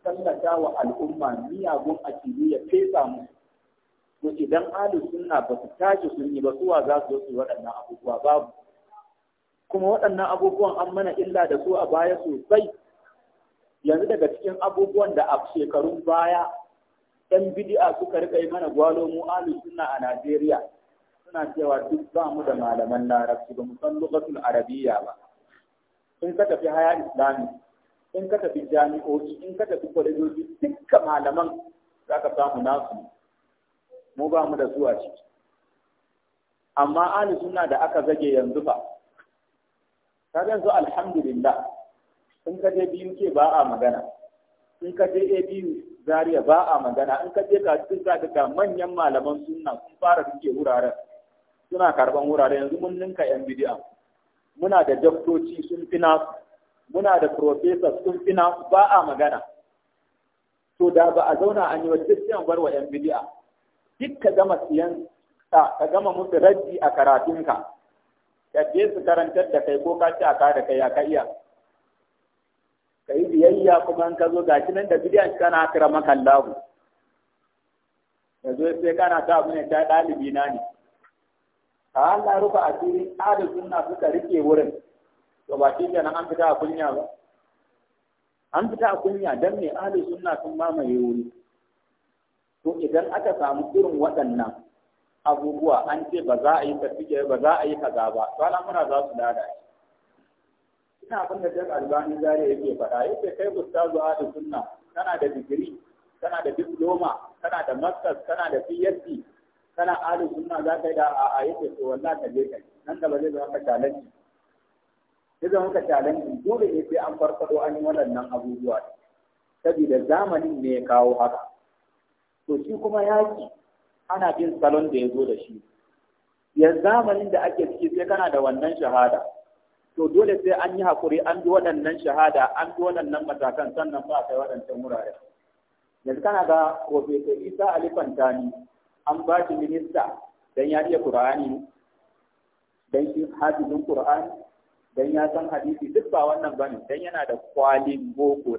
tallata wa al'umma miyagun akili ya fesa mu. to idan alu sunna ba su tashi sun yi ba suwa za su yi waɗannan abubuwa babu kuma waɗannan abubuwan an mana illa da su a baya sosai yanzu daga cikin abubuwan da a shekarun baya ɗan bidi'a suka rika yi mana gwalo mu alu suna a Najeriya suna cewa duk ba mu da malaman larabci ba mu san lugatul arabiyya ba in ka tafi haya islami in ka tafi jami'o'i in ka tafi kwalejoji dukkan malaman za ka samu nasu mu ba mu da zuwa ciki amma alu suna da aka zage yanzu fa ka yanzu alhamdulillah in ka je biyu ke ba a magana in ka je a biyu zaria ba a magana in ka je kasuwa za ga manyan malaman sunna sun fara suke wuraren suna karban wurare yanzu mun ninka yan bidiya muna da doktoci sun fina muna da profesa sun fina ba a magana to da ba a zauna an yi wa dukkan bar wa yan bidiya duk ka gama siyan ka gama musu raji a karatunka ka je su karantar da kai ko ka ci a ka da kai ya ka iya ka yi biyayya kuma in ka zo ga nan da bidiyan kana kira maka Allahu yanzu sai kana ta abu ne ta ɗalibi na ne Ka Allah rufa asiri adal sunna suka rike wurin to ba shi kenan an fita a kunya ba an fita a kunya dan me ahli sunna sun mamaye wuri to idan aka samu irin waɗannan abubuwa an ce ba za a yi tafiye ba za a yi kaza ba to muna za su lalace ina abin da jan Albani Zare yake faɗa yake kai ustazu da sunna kana da digiri kana da diploma kana da masters kana da PhD kana alu sunna za ka yi da a yake to wallahi ka je kai nan da ba zai zama challenge idan muka challenge dole ne sai an farfado an yi waɗannan abubuwa saboda zamanin ne ya kawo haka to shi kuma yaki ana bin salon da ya zo da shi yanzu zamanin da ake ciki sai kana da wannan shahada to dole sai an yi hakuri an bi waɗannan shahada an bi waɗannan matakan sannan ba a kai waɗancan wurare yanzu kana ga profesa isa ali fantani an ba shi minista dan ya iya qur'ani dan shi hafizin qur'ani dan ya san hadisi duk ba wannan bane dan yana da kwalin boko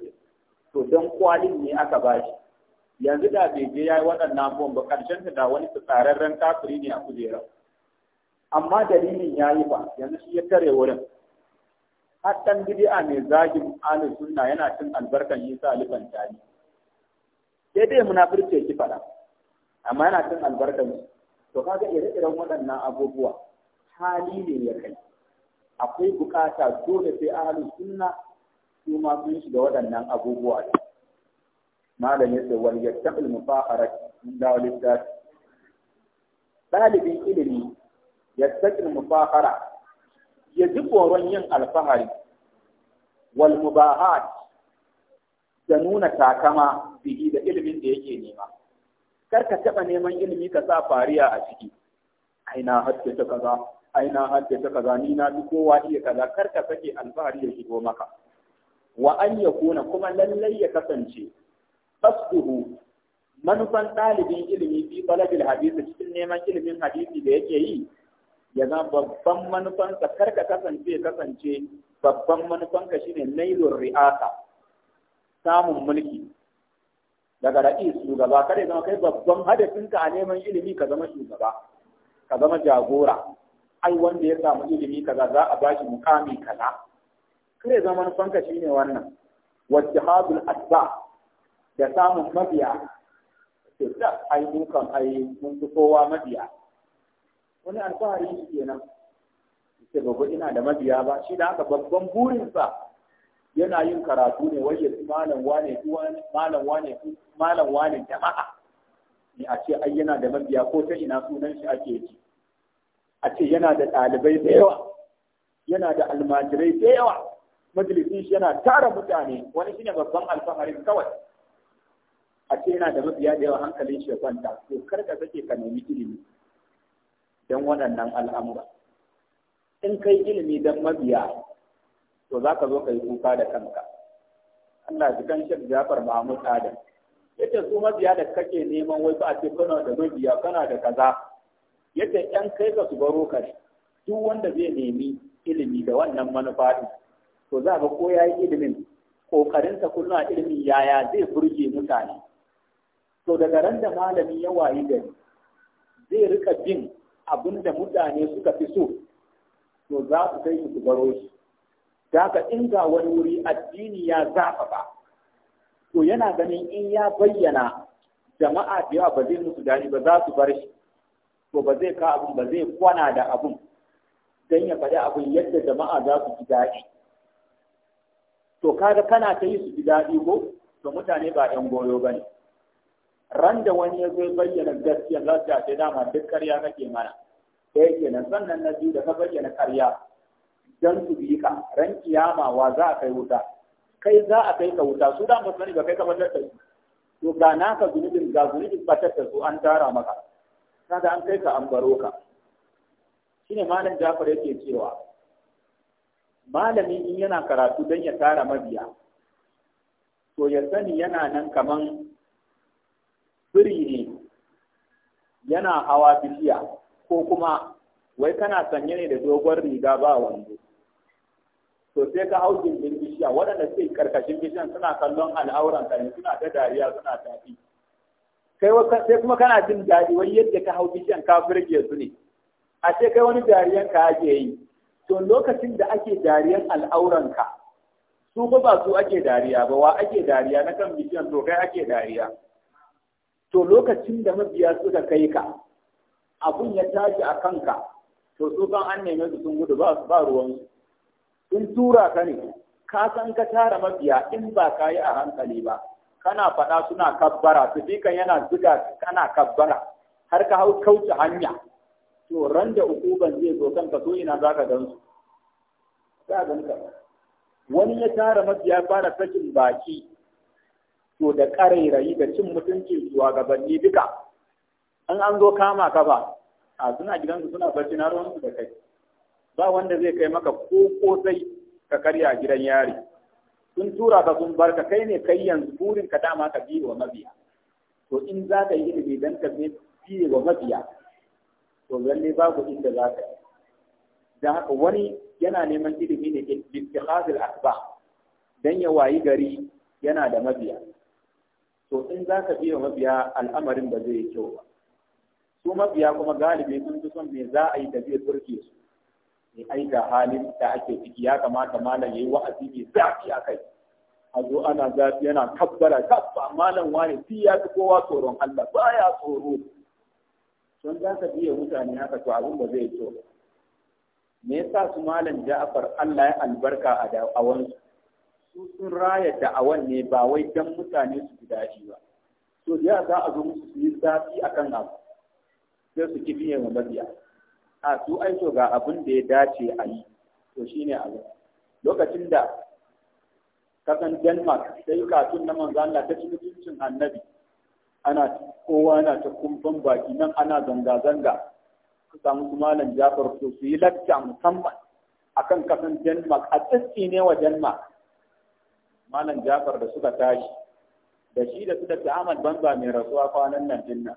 to dan kwalin ne aka ba shi yanzu da bai je yayi waɗannan abubuwan ba karshen da wani tsararren kafiri ne a kujera amma dalilin yayi ba yanzu shi ya tare wurin har dan bid'a mai zagin ahlus sunna yana cin albarkan Isa alifan tani sai dai munafirce ki fada amma yana cin albarkan to kaga ire-iren waɗannan abubuwa hali ne ya kai akwai bukata dole sai ahlus sunna su ma sun shiga waɗannan abubuwa ne malam yace wal yattaqil mufaqarat min dawlil dalibin ilimi yattaqil mufaqara ya ji tsoron yin alfahari wal mubahat da nuna takama bihi da ilimin da yake nema kar ka taɓa neman ilimi ka sa fariya a ciki aina ta kaza aina ta kaza ni na fi kowa iya kaza kar ka sake alfahari ya shigo maka wa an yakuna kuma lallai ya kasance qasduhu manufan ɗalibin ilimi fi talabil hadisi cikin neman ilimin hadisi da yake yi ya zama babban manufansa kar ka kasance kasance babban manufanka shine nailur ri'asa samun mulki daga su shugaba kada zama kai babban hadafinka a neman ilimi ka zama shugaba ka zama jagora ai wanda ya samu ilimi kaza za a bashi mukami kaza kare zama manufanka shine wannan wacce wajhadul asba da samun mabiya ke da ai mun kan ai mun kowa mabiya wani alfahari shi kenan sai babba ina da mabiya ba shi da haka babban burinsa yana yin karatu ne wai su malam wane malam wane malam wane jama'a ne a ce ai yana da mabiya ko ta ina sunan shi ake ji a ce yana da ɗalibai da yawa yana da almajirai da yawa majalisin shi yana tara mutane wani shine babban alfaharin kawai a ce yana da mabiya da yawa hankalin shi ya kwanta to kar ka sake ka nemi ilimi don waɗannan al'amura in kai ilimi don mabiya to za ka zo ka yi kuka da kanka Allah ji kan shek Jafar Mahmud Adam yace su mabiya da kake neman wai ba a ce kana da mabiya kana da kaza yace yan kai ka su baro ka ne duk wanda zai nemi ilimi da wannan manufa to za ka ko yayi ilimin kokarinsa kullum a ilimin yaya zai burge mutane to daga ran da malami ya wayi gari zai rika bin abin da mutane suka fi so to za su kai su baro shi da ka inga wani wuri addini ya ba. to yana ganin in ya bayyana jama'a da yawa ba zai musu dani ba za su bar shi to ba zai ka abin ba zai kwana da abun don ya faɗi abin yadda jama'a za su ji daɗi to kaga kana ta yi su ji daɗi ko to mutane ba 'yan goyo ba ne ran da wani ya zo bayyana gaskiya za ta ce dama duk karya kake mana da yake nan sannan na biyu da ka bayyana karya don su bi ka ran kiyama wa za a kai wuta kai za a kai ka wuta su da mu sani ba kai ka fatar da su to ga naka zunubin ga zunubin fatar da su an tara maka kaga an kai ka an baro ka shine malam Jafar yake cewa malami in yana karatu don ya tara mabiya to ya sani yana nan kaman Firi ne yana hawa bishiya ko kuma wai kana sanye ne da dogon riga ba wando to sai ka hau jirgin bishiya waɗanda suke karkashin bishiyan suna kallon al'auran ka ne suna ta dariya suna tafi kai sai kuma kana jin daɗi wai yadda ka hau bishiyan ka furge su ne a ce kai wani dariyan ka ake yi to lokacin da ake dariyan al'auran ka su ba su ake dariya ba wa ake dariya na kan bishiyan to kai ake dariya to lokacin da mabiya suka kai ka abun ya tashi a kanka to su an neme su sun gudu ba su ba ruwan sun tura ka ne ka san ka tara mabiya in ba ka yi a hankali ba kana faɗa suna kabbara su kan yana zuga kana kabbara har ka hau kauce hanya to ran da ban zai zo ka so ina za ka gan su za ka wani ya tara mabiya fara sakin baki to da ƙarairayi da cin mutunci zuwa gabanni duka an an zo kama ka ba a suna gidansu suna bacci na ruwansu da kai ba wanda zai kai maka ko kosai ka karya a gidan yari sun tura ka sun barka kai ne kai yanzu burin ka dama ka biye wa mabiya to in za ka yi ilimi dan ka biye wa mabiya to lalle babu inda za ka yi dan haka wani yana neman ilimi ne ke ittihadil asba dan ya wayi gari yana da mabiya to in za ka biya mabiya al'amarin ba zai yi kyau ba su mabiya kuma galibi sun fi son me za a yi da zai burge su ne ai ga halin da ake ciki ya kamata malam yayi wa'azi mai zafi a kai a zo ana zafi yana kabbara tabba malam wani fi ya fi kowa tsoron Allah ba ya tsoro don za ka biya mutane haka to abin ba zai yi kyau me yasa su malam Ja'far Allah ya albarka a wani su sun raya da'awan ne ba wai dan mutane su ji daji ba to ya za a zo musu su yi zafi kan abu sai su kifi ne wa mabiya a su aiko ga abin da ya dace a yi to ne abin? lokacin da kasan Denmark sai katun na manzo Allah ta ci mutuncin annabi ana kowa na ta kumfan baki nan ana zanga-zanga ka samu su malam Jafar to su yi lacca musamman akan kasan Denmark a tsitsi ne wa Denmark malam Jafar da suka tashi da shi da su da Ahmad Banza mai rasuwa kwanan nan dinna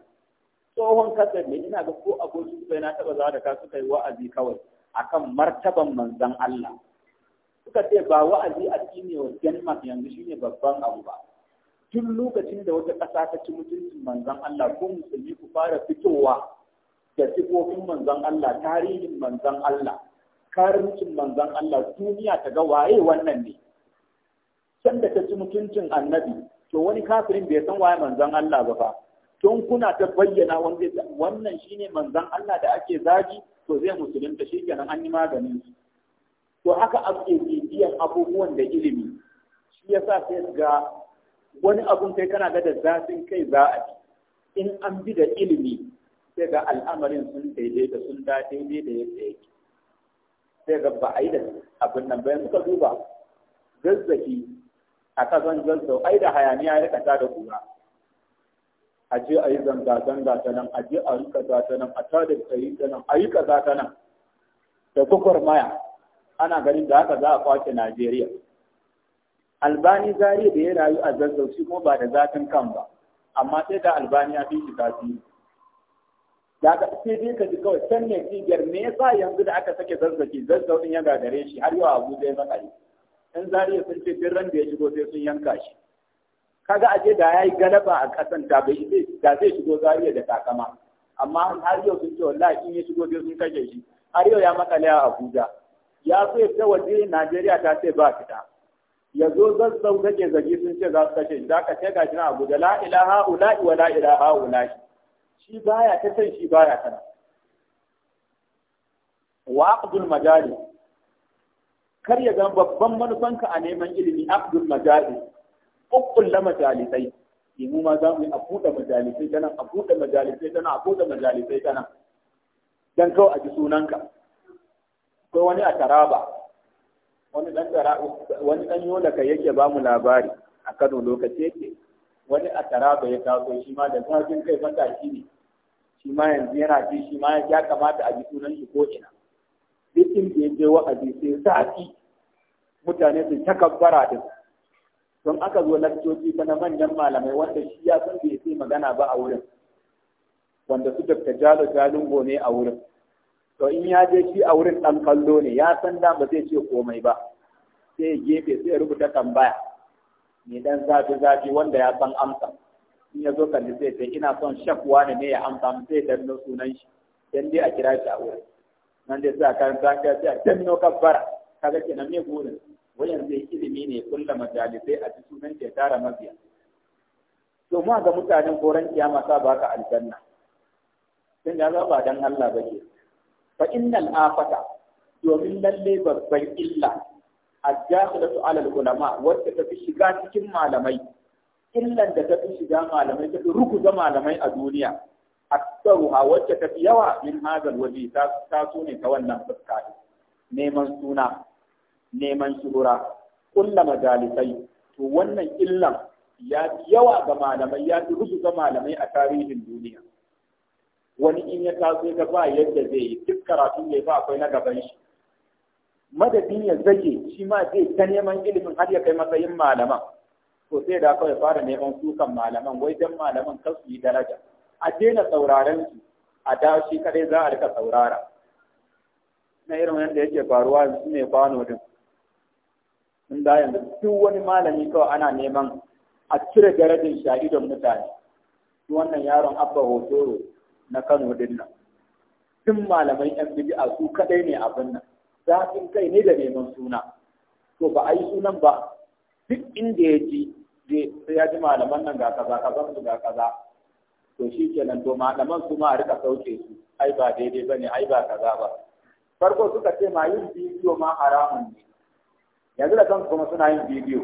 tsohon kasar ne ina ga ko abokin bai na taba zawa da ka suka yi wa'azi kawai akan martaban manzan Allah suka ce ba wa'azi a cikin wa Denmark yanzu shine babban abu ba tun lokacin da wata ƙasa ta ci mutuncin manzan Allah ko musulmi ku fara fitowa da sifofin manzan Allah tarihin manzan Allah karimcin manzan Allah duniya ta ga waye wannan ne can da ta ci mutuncin annabi to wani kafirin bai san waye manzon Allah ba fa tun kuna ta bayyana wanda wannan shine manzon Allah da ake zagi to zai musulun musulunta shikenan an yi maganin su to haka ake bibiyan abubuwan da ilimi shi yasa sai ga wani abun kai kana ga da zafin kai za a in an bi da ilimi sai ga al'amarin sun daidaita sun da daidai da yadda yake sai ga ba a yi da abin nan bayan suka duba zazzaki a kazan zazzau ai da hayaniya ya rika da kura a je a yi zanga-zanga ta nan a je a yi kaza ta nan a tada da yi ta nan a yi kaza ta nan da kukur maya ana ganin da haka za a kwace Najeriya Albani zari da ya rayu a zazzau shi kuma ba da zafin kan ba amma sai da Albani ya fi shi tasiri da ka sai dai ka ji kawai can ne cibiyar me yasa yanzu da aka sake zazzaki zazzau din ya gagare shi har yau abu ya zaka in zariya sun ce birran da ya shigo sai sun yanka shi kaga aje da yayi galaba a kasan da bai da zai shigo zariya da takama amma har yau sun ce wallahi in ya shigo sai sun kashe shi har yau ya makale a Abuja ya so ya ta waje Najeriya ta ce ba fita ya zo zazzau take zagi sun ce za su kashe shi zaka ce shi na Abuja la ilaha ula wa la ilaha ula shi baya ta san shi baya kana wa aqdul majalis kar ya zama babban manufanka a neman ilimi abdul majalis la majalisai eh, mu ma za mu yi a buɗe majalisai ta nan a buɗe majalisai ta nan a buɗe majalisai ta nan dan kawai a ji sunanka akwai wani a taraba wani dan wani dan yola ka yake ba mu labari a Kano lokaci yake wani a taraba ya taso shi ma da zafin kai shi ne shi ma yanzu yana ji shi ma ya kamata a ji sunan shi ko ina duk inda ya je wa'azi sai ci mutane su takabbara din don aka zo lakcoci ta na manyan malamai wanda shi ya san bai sai magana ba a wurin wanda su Dr. Jalo jalungo ne a wurin to in ya je shi a wurin dan kallo ne ya san da ba zai ce komai ba sai ya gefe sai ya rubuta tambaya ne dan zafi zafi wanda ya san amsa in ya zo kalli sai sai ina son shakwa ne ne ya amsa sai dan sunan shi dan dai a kira shi a wurin nan dai a a karanta ka sai a tamino kabbara kaga kenan me burin wayan zai ilimi ne kulla majalisai a cikin nan ke tara mabiya to mu ga mutanen koran kiyama sa baka aljanna tun da ba dan Allah bake fa innal afata domin lalle babban illa الداخلة على ta fi shiga cikin malamai illan da ta fi shiga malamai ta fi rukuza malamai a duniya aksaruha wacce ta fi yawa min hadal waje ta so ne ta wannan fuska neman suna neman shuhura ƙulla majalisai to wannan illan ya fi yawa ga malamai ya fi ga malamai a tarihin duniya wani in ya taso ga ba yadda zai yi duk karatun da ba akwai na gaban shi madadin ya zage shi ma zai ta neman ilimin har ya kai matsayin malaman to sai da kawai fara neman sukan malaman wai dan malaman kar su yi daraja a daina sauraren su a da shi kadai za a rika saurara na irin yadda yake faruwa su ne kwano din in da yanzu duk wani malami kawai ana neman a cire garajin sha'idon mutane wannan yaron abba hotoro na kano din nan duk malamai yan bid'a su kadai ne abin nan zafin kai ne da neman suna to ba a yi sunan ba duk inda ya ji ya ji malaman nan ga kaza kaza ga kaza to shi kenan to malaman su ma a rika sauke su ai ba daidai bane ai ba kaza ba farko suka ce ma yin bidiyo ma haramun ne yanzu da kansu kuma suna yin bidiyo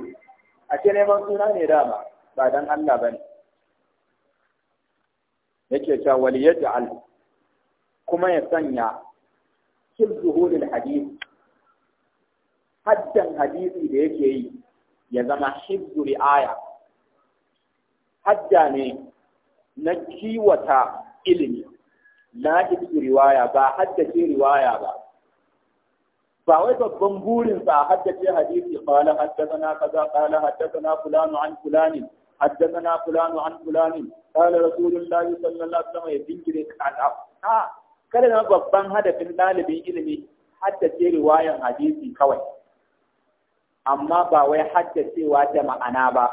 a ce neman suna ne dama ba dan Allah bane yake cewa wal al, kuma ya sanya kil zuhuril hadith haddan hadisi da yake yi ya zama hibzu ri'aya hadda ne na kiwata ilimi na ibsu riwaya ba haddace riwaya ba ba wai babban burin sa haddace hadisi qala haddathana kaza qala haddathana fulanu an fulani haddathana fulanu an fulani qala rasulullahi sallallahu alaihi wasallam ya binkire kada ha kada na babban hadafin dalibin ilimi haddace riwayan hadisi kawai amma ba wai haddacewa da ma'ana ba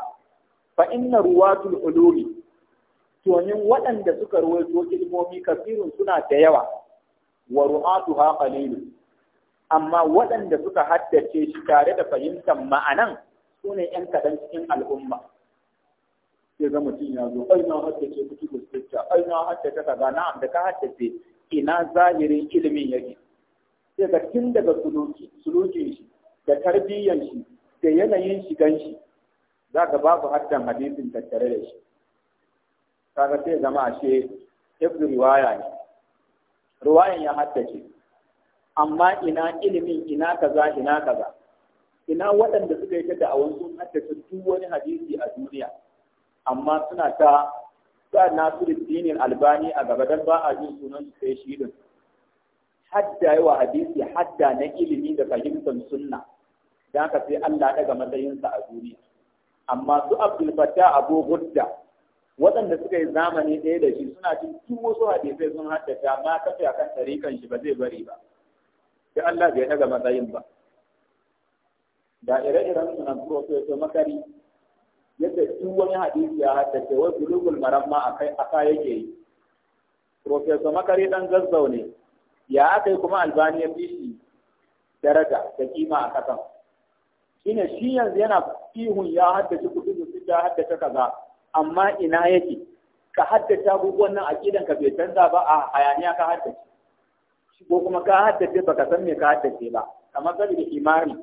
fa inna ruwatul ulumi domin waɗanda suka ruwaito ilmomi kafirun suna da yawa wa haƙa qalilun amma waɗanda suka haddace shi tare da fahimtar ma'anan su ne ‘yan kaɗan cikin al'umma. Sai ga mutum ya zo, ai na haddace kutu da sirta, ai na haddace ka ga na'am da ka haddace ina zahirin ilimin yake. Sai ga tun daga sulukin shi, da tarbiyyan shi, da yanayin shigan shi, za ka babu haddan hadisin tattare da shi. kaga sai zama ashe ibnu riwaya ne riwayan ya haddace amma ina ilimin ina kaza ina kaza ina waɗanda suka yi ta da'awun sun haddace duk wani hadisi a duniya amma suna ta sa Nasiruddin Albani a gaba dan ba a jin sunan su sai shi din hadda yawa hadisi hadda na ilimi da fahimtar sunna da haka sai Allah daga matsayinsa a duniya amma su Abdul Fattah Abu Gudda waɗanda suka yi zamani ɗaya da shi suna jin tun wasu hadisai sun haddace amma kafe akan ɗarikan shi ba zai bari ba sai Allah bai daga matsayin ba da ire-iren sunan profesor makari yadda duk wani hadisi ya haddace wai bulugul maramma a ka aka yake yi profesor makari dan zazzau ne ya aka yi kuma albani ya bishi daraja da kima a kasan shine shi yanzu yana ihun ya haddace kudu da ya haddace kaza amma ina yake ka haddace abubuwan nan kidan ka bai canza ba a hayaniya ka haddace ko kuma ka haddace ba ka san me ka haddace ba kamar saboda imani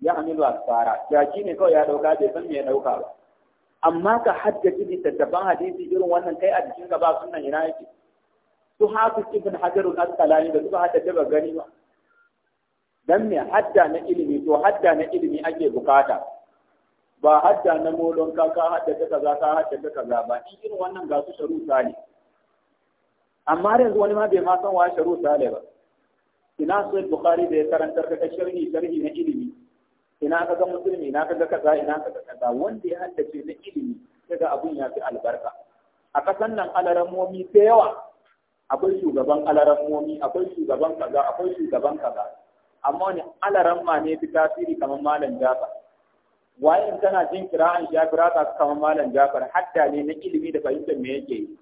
ya hamilu asfara jaki ne kawai ya dauka bai san me ya dauka ba amma ka haddace littattafan hadisi irin wannan kai a jikin ka ba sunan ina yake su hafiz ibn hajar al-asqalani da suka haddace ba gani ba dan me hadda na ilimi to hadda na ilimi ake bukata ba hadda na molon ka ka hadda ta kaza ka hadda ta kaza ba in irin wannan ga su sharu ne amma yanzu wani ma bai ma san wa sharu ne ba ina sai bukhari da ya karanta ka sharhi sharhi na ilimi ina ga musulmi ina ka ga kaza ina ka ga kaza wanda ya haddace na ilimi kaga abun ya fi albarka a kasan nan alarammomi ta yawa akwai shugaban alarammomi akwai shugaban kaza akwai shugaban kaza amma wani alaramma ne fi tasiri kamar malam jafa waye tana jin kira'an Jafir ta kamar malam Jafar hadda ne na ilimi da fahimtar me yake yi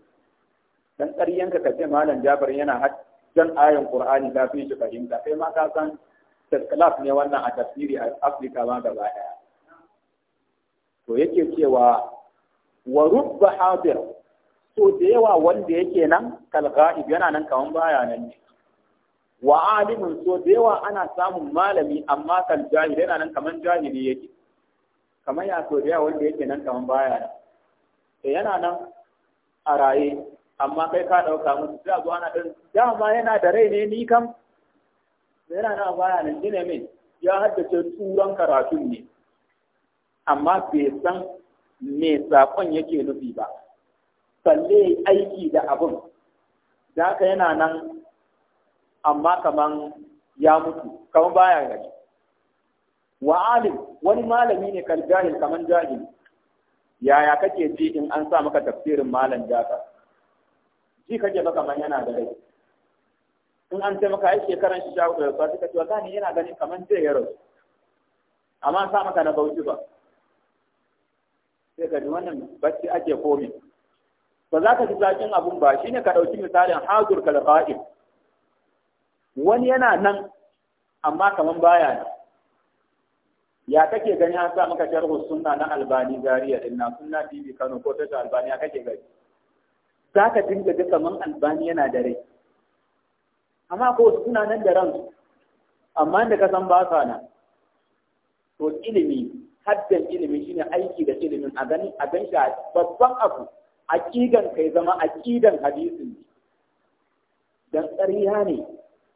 dan ƙaryanka ka ce malam Jafar yana jan ayan Qur'ani ta fi shi fahimta kai ma ka san taskalaf ne wannan a tafsiri a Afirka ma gaba daya to yake cewa wa rubba hadir so da yawa wanda yake nan kal ghaib yana nan kaman baya nan ne wa alimun so da yawa ana samun malami amma kal jahil yana nan kaman jahili yake kamar ya so da wanda yake nan kamar baya da yana nan a raye amma kai ka ɗauka musu za zuwa na ɗin dama yana da rai ne ni kam yana nan baya nan jina min ya haddace turan karatun ne amma bai san me saƙon yake nufi ba falle aiki da abin da haka yana nan amma kaman ya mutu kaman baya gari wa alim wani malami ne kal jahil kaman jahil yaya kake ji in an sa maka tafsirin malam jaka ji kake ba kaman yana da rai in an ce maka ai shekaran shi shawo da rasuwa kake wa gani yana ganin kaman zai ya rasu amma sa maka na bauchi ba sai ka ji wannan bacci ake komi ba za ka ji zaƙin abun ba shine ka ɗauki misalin hazur kalfa'il wani yana nan amma kaman baya nan ya kake gani an sa maka sharhu sunna na albani zariya din na sunna tv kano ko ta albani ya kake gani za dinga ga kaman albani yana da rai amma ko suna nan da ran amma da ka san ba sa nan to ilimi haddan ilimi shine aiki da ilimin a gani a gan shi babban abu aqidan kai zama aqidan hadisin dan ƙarya ne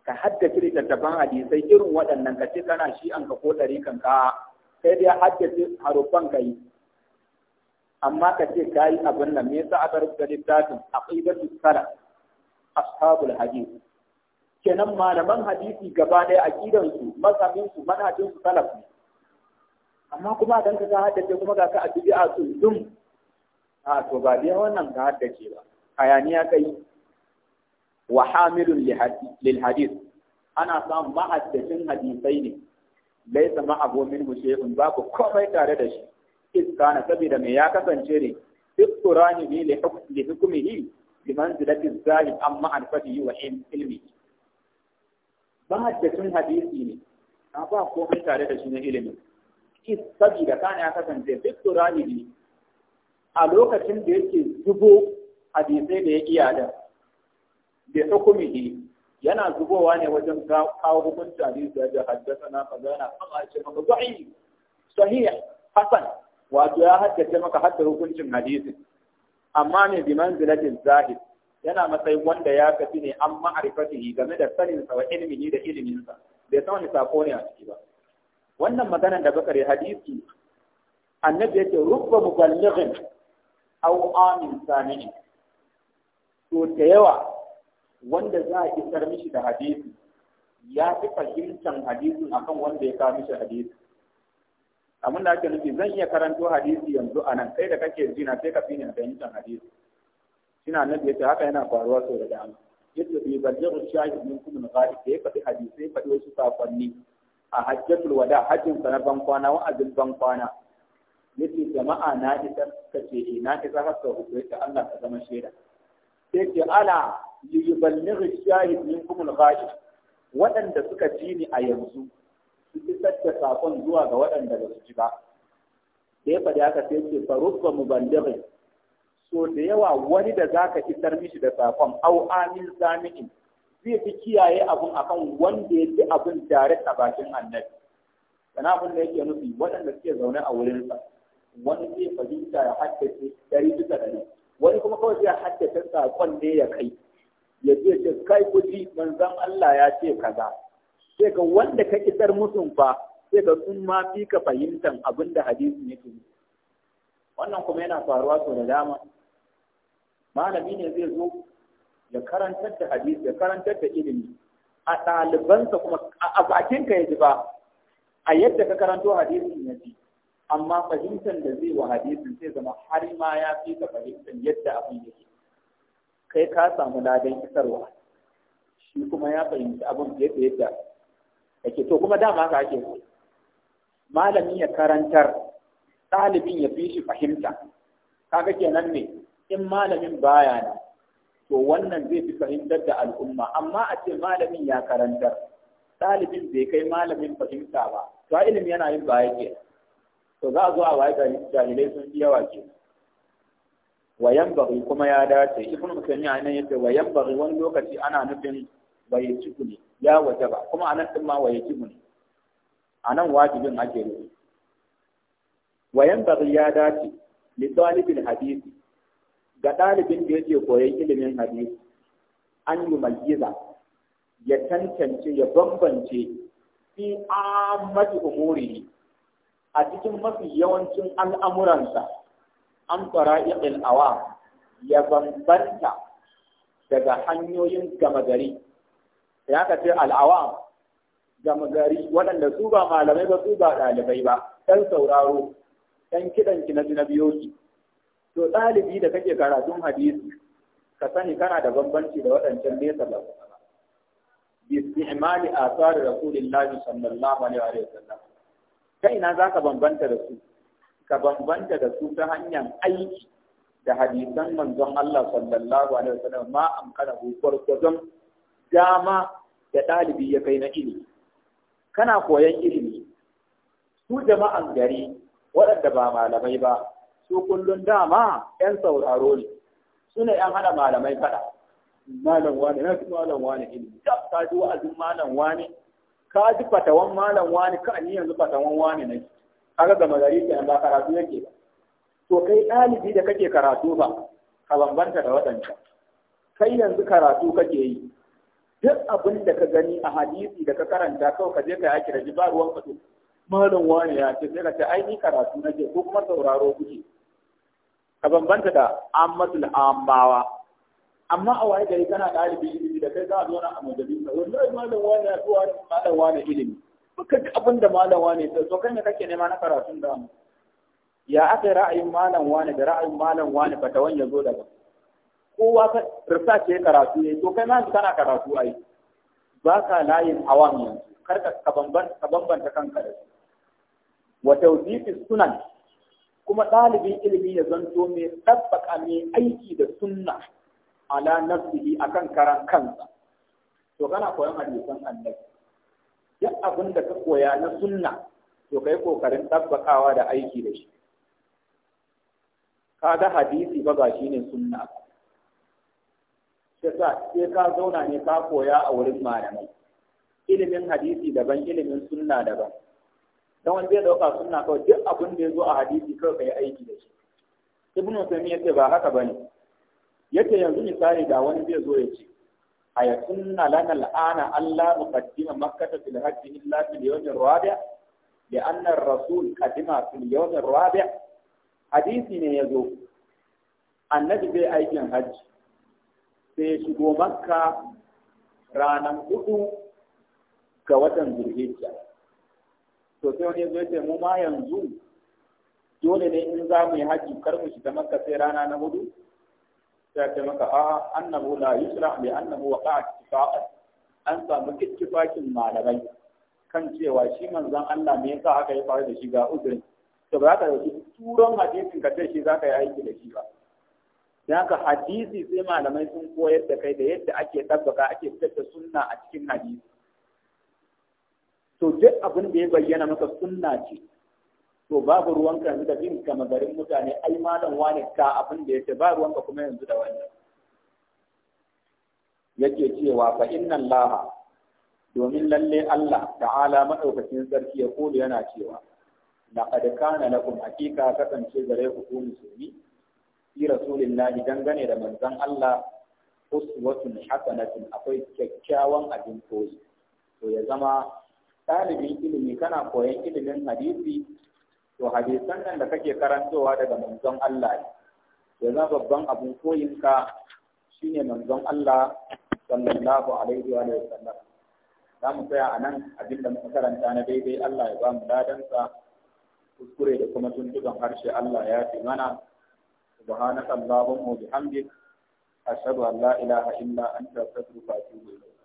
ka haddace littattafan hadisai irin waɗannan ka ce kana shi an ka ko ɗari kan ka sai dai haddace haruffan ka yi amma ka ce ka yi abin nan me yasa aka rubuta littafin aqidatu salaf ashabul hadith kenan malaman hadisi gaba ɗaya a su mazhabin su manhajin su salaf ne amma kuma dan ka haddace kuma ga ka addu'a a dum a to ba dai wannan ka haddace ba hayaniya kai wa hamilun lil hadith ana samun mahaddacin hadisai ne laisa ma'ahu minhu shay'un babu komai tare da shi iskana sabida me ya kasance ne duk qur'ani ne li hukmihi bi manzilati zahid amma an fadihi wa ilmi mahaddacin hadisi ne na ba komai tare da shi na ilimi is sabida, kana ya kasance duk qur'ani ne a lokacin da yake zubo hadisai da ya iya da bi hukumihi yana zubowa ne wajen kawo hukunci da ya haddasa na kaza amma ce maka zuhi sahih hasan wato ya haddace maka hadda hukuncin hadisi amma ne bi manzilatin zahid yana matsayin wanda ya kafi ne an ma'arifatihi game da sanin sa wa ilmihi da ilimin sa bai san wani sako ne a ciki ba wannan maganar da bakare hadisi annabi yake rubba muballighin aw amin sanini to da yawa wanda za a isar mishi da hadisi ya fi fahimtar hadisin akan wanda ya kawo mishi hadisi abin da ake nufi zan iya karanto hadisi yanzu a nan kai da kake jina sai ka fi na fahimtar hadisi ina nabi da haka yana faruwa sau da dama yace bi ballighu shahid min na ghaib da ya faɗi hadisi faɗi wasu sakonni a hajjatul wada hajjin sa na bankwana kwana wa ban kwana yace jama'a na isa ka ce, eh, na isa haka sau Allah ka zama shaida sai ce ala liyuballighi shahid minkum al-ghaib waɗanda suka ji ni a yanzu su isar da sakon zuwa ga waɗanda ba su ji ba da ya faɗi haka sai ce farubba muballighi so da yawa wani da zaka isar mishi da sakon au amin zamiin zai fi kiyaye abun akan wanda ya ji abun tare a bakin annabi sana abun da yake nufi waɗanda suke zaune a wurinsa wani zai fahimta ya haddace dari bisa dari wani kuma kawai zai haddace sakon ne ya kai ya ce ce kai kuji manzan Allah ya ce kaza sai ka wanda ka kitar musun fa sai ka sun ma fi ka fahimtan abin da hadisin yake wannan kuma yana faruwa sau da dama malami ne zai zo ya karantar da hadisi ya karantar da ilimi a ɗalibansa kuma a bakinka ya ji ba a yadda ka karanto hadisin ya ji amma fahimtar da zai wa hadisin sai zama har ma ya fi ka fahimtar yadda abin yake kai ka samu ladan isarwa shi kuma ya fahimci abin da yadda yake to kuma dama ka ake so malami ya karantar ɗalibin ya fi shi fahimta kaga kenan ne in malamin baya ne to wannan zai fi fahimtar da al'umma amma a ce malamin ya karantar ɗalibin bai kai malamin fahimta ba to ilimi yana yin baya ke to za a zo a waye jarirai sun fi yawa ke wayan kuma ya dace ibnu musaymi anan yace wayan yanbaghi wani lokaci ana nufin wa yajibu ne ya wajaba kuma anan din ma waye yajibu ne anan wajibin ake nufi wayan ya dace li talibil hadisi ga dalibin da yake koyon ilimin hadisi an yi mayyiza ya tantance ya bambance fi mafi umuri a cikin mafi yawancin al'amuransa an fara fara'iqil awa ya bambanta daga hanyoyin gama gari ya ka ce al'awa gama waɗanda su ba malamai ba su ba ɗalibai ba ɗan sauraro ɗan kiɗan ki na na ki. to ɗalibi da kake karatun hadisi ka sani kana da bambanci da waɗancan nesa da kuma bi asari sannan sallallahu alaihi wa sallam kai na ka bambanta da su ka bambanta da su ta hanyar aiki da hadisan manzon Allah sallallahu alaihi wasallam ma amkana hu gwargwadon dama da ɗalibi ya kai na ilimi kana koyan ilimi su jama'an gari waɗanda ba malamai ba su kullum dama 'yan sauraro ne suna 'yan hada malamai faɗa malam wani na malam wani ilimi ka ji wa'azin malam wani ka ji fatawan malam wani ka ni yanzu fatawan wani nake kaga gama gari kenan ba karatu yake ba to kai ɗalibi da kake karatu ba ka bambanta da waɗancan kai yanzu karatu kake yi duk abin da ka gani a hadisi da ka karanta kawai ka je ka yaki da ba ruwan ka malam wani ya ce sai ka ce ai ni karatu nake ko kuma sauraro kuke ka bambanta da ammatul ammawa amma a waye gari kana ɗalibi ilimi da kai za a zo na a majalisa wallahi malam wani ya ce malam wani ilimi suka ji abin da malam wane ta so kai kake nema na karatun da ya aka ra'ayin malam wane da ra'ayin malam wane fatawan ya zo daga kowa ka rasa ce karatu ne to kai ma kana karatu ai ba ka layin awam yanzu kar ka ka bambanta kanka da su wa tawdifi sunan kuma ɗalibin ilimi ya zanto mai tabbaka mai aiki da sunna ala nafsihi akan karan kansa to kana koyon hadisan annabi duk abin da ka koya na sunna to kai kokarin tabbakawa da aiki da shi ka ga hadisi ba ba shi ne sunna ba sai ka zauna ne ka koya a wurin malamai ilimin hadisi daban ilimin sunna daban don wani zai dauka sunna kawai duk abin da ya zo a hadisi kawai kai aiki da shi ibnu sami yace ba haka bane yace yanzu misali da wani zai zo ya ce aya sunna lana al'ana Allah muqaddima makkah fil hajj illa fil yawm ar bi anna ar-rasul qadima fil yawm ar hadisi ne yazo annabi bai aikin hajj sai shigo makka ranan hudu ga watan zulhijja to sai wani yazo sai mu ma yanzu dole ne in za mu yi hajji kar mu shiga makka sai rana na hudu sai maka a annabu la yusra bi annahu waqa'a ittifaqan an samu ittifakin malamai kan cewa shi manzon Allah me yasa aka yi faru da shi ga uzurin to ba ka dauki turon hadisin ka ce shi za yi aiki da shi ba don haka hadisi sai malamai sun koyar da kai da yadda ake tabbaka ake fitar da sunna a cikin hadisi to duk abin da ya bayyana maka sunna ce to babu ruwanka yanzu da bin kama garin mutane ai malam wani ka abin da yake ba ruwanka kuma yanzu da wani yake cewa fa inna Allah domin lalle Allah ta'ala madaukakin sarki ya kodo yana cewa laqad kana lakum hakika kasance gare ku ku musulmi fi rasulillahi dangane da manzon Allah uswatun hasanatin akwai kyakkyawan abin koyi to ya zama ɗalibin ilimi kana koyan ilimin hadisi to hadisan nan da kake karantowa daga manzon Allah ne za babban abun koyinka shine manzon Allah sallallahu alaihi wa sallam za mu tsaya a nan abin da muka karanta na daidai Allah ya ba mu ladansa kuskure da kuma tuntuban harshe Allah ya fi mana subhanaka wa bihamdik ashhadu an la ilaha illa anta astaghfiruka wa atubu ilayk